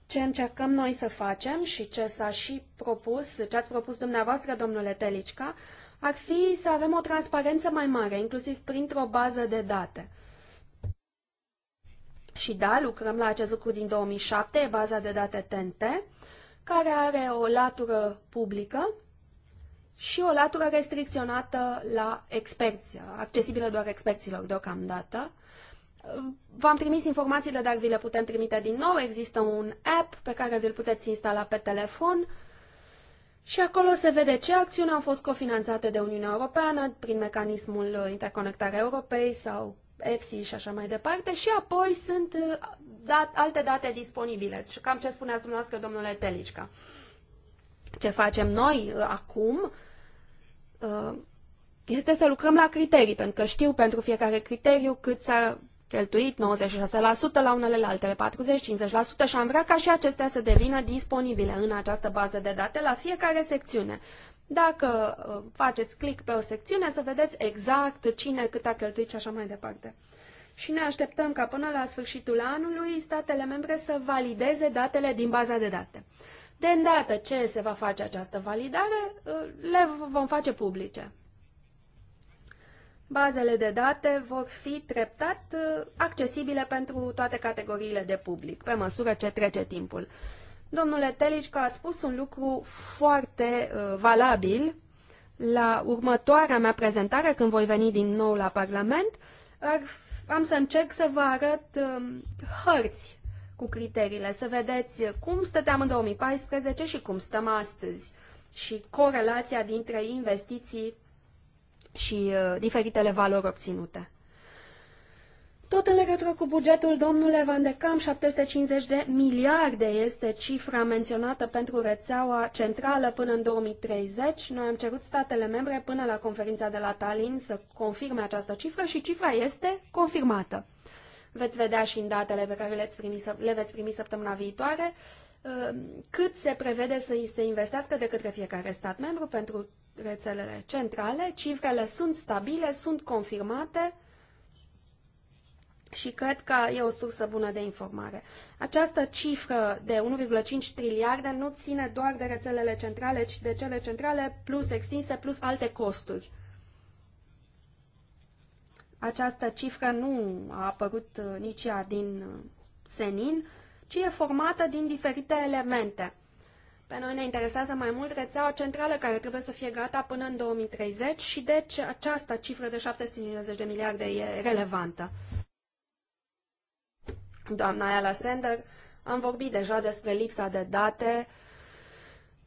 Ce încercăm noi să facem și ce s-a și propus, ce ați propus dumneavoastră, domnule Telicca, ar fi să avem o transparență mai mare, inclusiv printr-o bază de date. Și da, lucrăm la acest lucru din 2007, baza de date TNT, care are o latură publică și o latură restricționată la experți, accesibilă doar experților deocamdată. V-am trimis informațiile, dar vi le putem trimite din nou. Există un app pe care vi-l puteți instala pe telefon și acolo se vede ce acțiuni au fost cofinanțate de Uniunea Europeană prin mecanismul interconectare Europei sau EPSI și așa mai departe și apoi sunt dat, alte date disponibile, cam ce spuneați dumneavoastră, domnule Telicica. Uh, ce facem noi uh, acum uh, este să lucrăm la criterii, pentru că știu pentru fiecare criteriu cât s-a cheltuit 96% la unele, la altele 40-50% și am vrea ca și acestea să devină disponibile în această bază de date la fiecare secțiune. Dacă uh, faceți click pe o secțiune, să vedeți exact cine cât a cheltuit și așa mai departe. Și ne așteptăm ca până la sfârșitul anului statele membre să valideze datele din baza de date. De îndată ce se va face această validare, uh, le vom face publice. Bazele de date vor fi treptat uh, accesibile pentru toate categoriile de public, pe măsură ce trece timpul. Domnule Telici, că ați spus un lucru foarte uh, valabil la următoarea mea prezentare, când voi veni din nou la Parlament, ar, am să încerc să vă arăt um, hărți cu criteriile, să vedeți cum stăteam în 2014 și cum stăm astăzi și corelația dintre investiții și uh, diferitele valori obținute. Tot în legătură cu bugetul, domnule Van de Cam, 750 de miliarde este cifra menționată pentru rețeaua centrală până în 2030. Noi am cerut statele membre până la conferința de la Tallinn să confirme această cifră și cifra este confirmată veți vedea și în datele pe care le, primi, le veți primi săptămâna viitoare, uh, cât se prevede să se investească de către fiecare stat membru pentru rețelele centrale. Cifrele sunt stabile, sunt confirmate și cred că e o sursă bună de informare. Această cifră de 1,5 triliarde nu ține doar de rețelele centrale, ci de cele centrale plus extinse, plus alte costuri. Această cifră nu a apărut uh, nici ea din uh, senin, ci e formată din diferite elemente. Pe noi ne interesează mai mult rețeaua centrală care trebuie să fie gata până în 2030 și deci această cifră de 750 de miliarde e relevantă. Doamna Ayala Sender, am vorbit deja despre lipsa de date uh,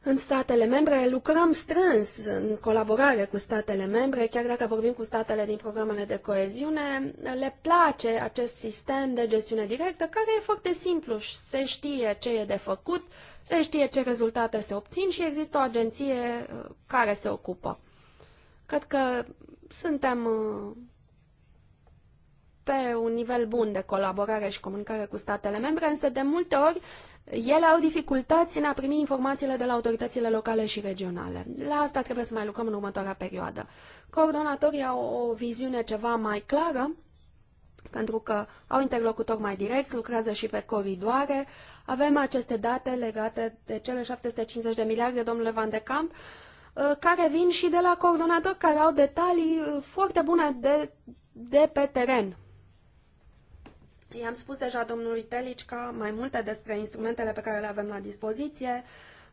în statele membre lucrăm strâns în colaborare cu statele membre, chiar dacă vorbim cu statele din programele de coeziune, le place acest sistem de gestiune directă, care e foarte simplu, se știe ce e de făcut, se știe ce rezultate se obțin și există o agenție uh, care se ocupă. Cred că suntem uh, pe un nivel bun de colaborare și comunicare cu statele membre, însă de multe ori ele au dificultăți în a primi informațiile de la autoritățile locale și regionale. La asta trebuie să mai lucrăm în următoarea perioadă. Coordonatorii au o viziune ceva mai clară, pentru că au interlocutori mai direct, lucrează și pe coridoare. Avem aceste date legate de cele 750 de miliarde, domnule Van de Camp, uh, care vin și de la coordonatori care au detalii uh, foarte bune de, de pe teren I-am spus deja domnului Telicca mai multe despre instrumentele pe care le avem la dispoziție,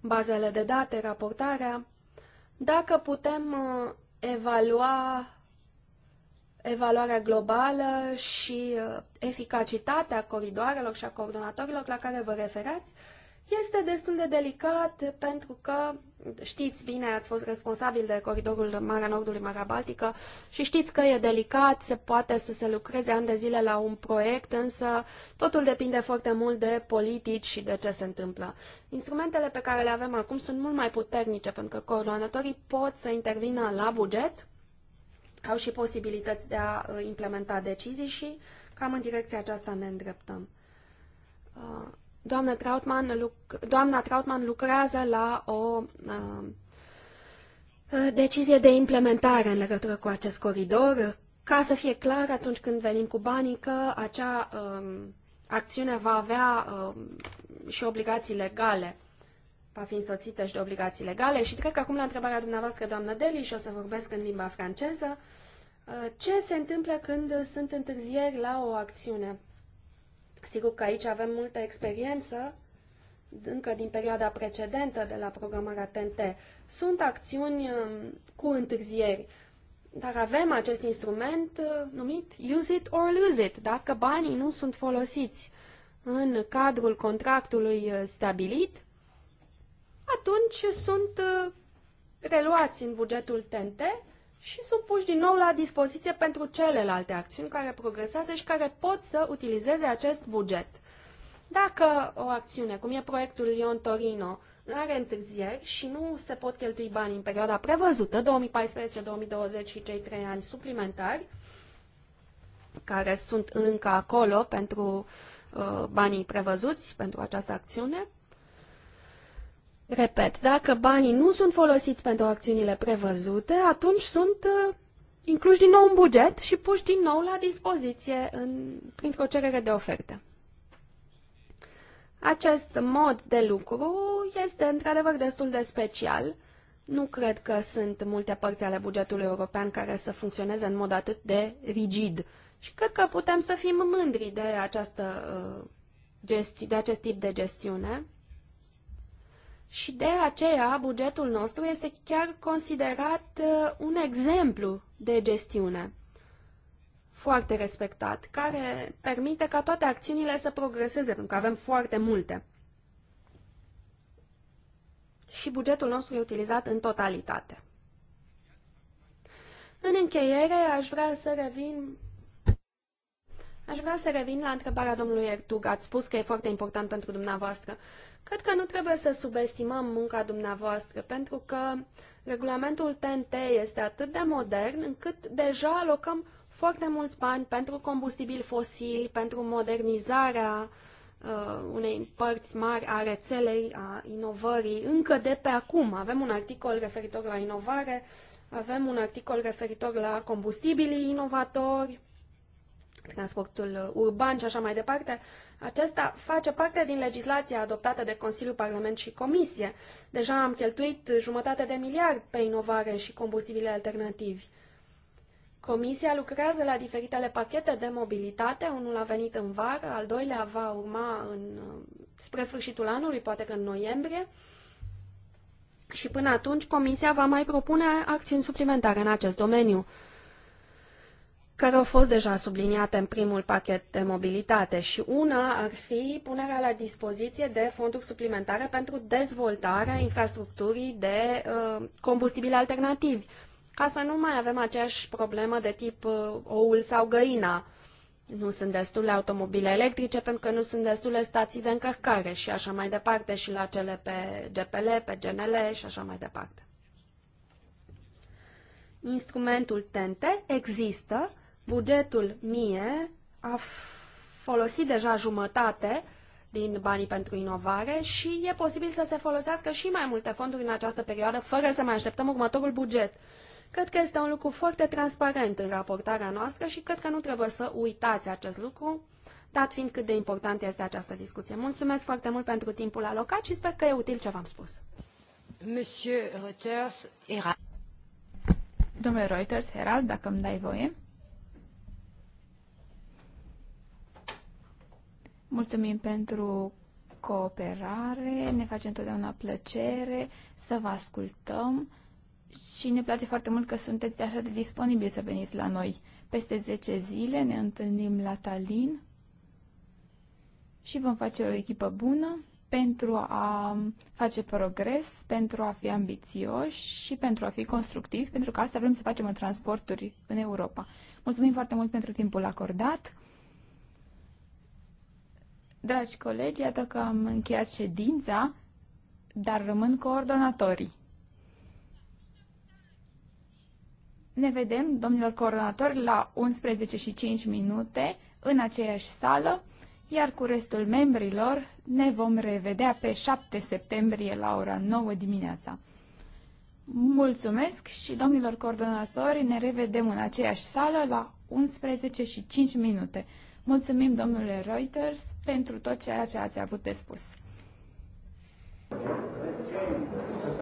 bazele de date, raportarea. Dacă putem uh, evalua evaluarea globală și uh, eficacitatea coridoarelor și a coordonatorilor la care vă referați, este destul de delicat pentru că știți bine, ați fost responsabil de coridorul Marea Nordului, Marea Baltică și știți că e delicat, se poate să se lucreze ani de zile la un proiect, însă totul depinde foarte mult de politici și de ce se întâmplă. Instrumentele pe care le avem acum sunt mult mai puternice pentru că coordonatorii pot să intervină la buget, au și posibilități de a uh, implementa decizii și cam în direcția aceasta ne îndreptăm. Uh, Doamna Trautmann, doamna Trautmann lucrează la o uh, uh, decizie de implementare în legătură cu acest coridor, ca să fie clar atunci când venim cu banii că acea uh, acțiune va avea uh, și obligații legale, va fi însoțită și de obligații legale. Și că acum la întrebarea dumneavoastră, doamnă Deli, și o să vorbesc în limba franceză. Uh, ce se întâmplă când sunt întârzieri la o acțiune? Sigur că aici avem multă experiență, încă din perioada precedentă de la programarea TNT. Sunt acțiuni um, cu întârzieri, dar avem acest instrument uh, numit Use it or lose it, dacă banii nu sunt folosiți în cadrul contractului uh, stabilit, atunci sunt uh, reluați în bugetul TNT și supuși din nou la dispoziție pentru celelalte acțiuni care progresează și care pot să utilizeze acest buget. Dacă o acțiune, cum e proiectul Lyon-Torino, nu are întârzieri și nu se pot cheltui bani în perioada prevăzută, 2014-2020 și cei trei ani suplimentari, care sunt încă acolo pentru uh, banii prevăzuți pentru această acțiune, Repet, dacă banii nu sunt folosiți pentru acțiunile prevăzute, atunci sunt uh, incluși din nou în buget și puși din nou la dispoziție în, printr-o cerere de ofertă. Acest mod de lucru este într-adevăr destul de special. Nu cred că sunt multe părți ale bugetului european care să funcționeze în mod atât de rigid. Și cred că putem să fim mândri de, această, uh, de acest tip de gestiune și de aceea bugetul nostru este chiar considerat uh, un exemplu de gestiune foarte respectat, care permite ca toate acțiunile să progreseze, pentru că avem foarte multe. Și bugetul nostru e utilizat în totalitate. În încheiere, aș vrea să revin Aș vrea să revin la întrebarea domnului Ertug. Ați spus că e foarte important pentru dumneavoastră. Cred că nu trebuie să subestimăm munca dumneavoastră, pentru că regulamentul TNT este atât de modern încât deja alocăm foarte mulți bani pentru combustibil fosil, pentru modernizarea uh, unei părți mari a rețelei, a inovării, încă de pe acum. Avem un articol referitor la inovare, avem un articol referitor la combustibilii inovatori, transportul urban și așa mai departe, acesta face parte din legislația adoptată de Consiliu, Parlament și Comisie. Deja am cheltuit jumătate de miliard pe inovare și combustibile alternativi. Comisia lucrează la diferitele pachete de mobilitate, unul a venit în vară, al doilea va urma în, spre sfârșitul anului, poate că în noiembrie, și până atunci Comisia va mai propune acțiuni suplimentare în acest domeniu care au fost deja subliniate în primul pachet de mobilitate și una ar fi punerea la dispoziție de fonduri suplimentare pentru dezvoltarea infrastructurii de uh, combustibili alternativi, ca să nu mai avem aceeași problemă de tip uh, oul sau găina. Nu sunt destule automobile electrice pentru că nu sunt destule stații de încărcare și așa mai departe și la cele pe GPL, pe GNL și așa mai departe. Instrumentul TENTE există, Bugetul mie a folosit deja jumătate din banii pentru inovare și e posibil să se folosească și mai multe fonduri în această perioadă, fără să mai așteptăm următorul buget. Cred că este un lucru foarte transparent în raportarea noastră și cred că nu trebuie să uitați acest lucru, dat fiind cât de importantă este această discuție. Mulțumesc foarte mult pentru timpul alocat și sper că e util ce v-am spus. Domnule Reuters, Herald, dacă îmi dai voie. Mulțumim pentru cooperare, ne face întotdeauna plăcere să vă ascultăm și ne place foarte mult că sunteți așa de disponibili să veniți la noi. Peste 10 zile ne întâlnim la Tallinn și vom face o echipă bună pentru a face progres, pentru a fi ambițioși și pentru a fi constructivi, pentru că asta vrem să facem în transporturi în Europa. Mulțumim foarte mult pentru timpul acordat. Dragi colegi, iată că am încheiat ședința, dar rămân coordonatorii. Ne vedem, domnilor coordonatori, la 11 și 5 minute în aceeași sală, iar cu restul membrilor ne vom revedea pe 7 septembrie la ora 9 dimineața. Mulțumesc și domnilor coordonatori, ne revedem în aceeași sală la 11 și 5 minute. Mulțumim, domnule Reuters, pentru tot ceea ce ați avut de spus.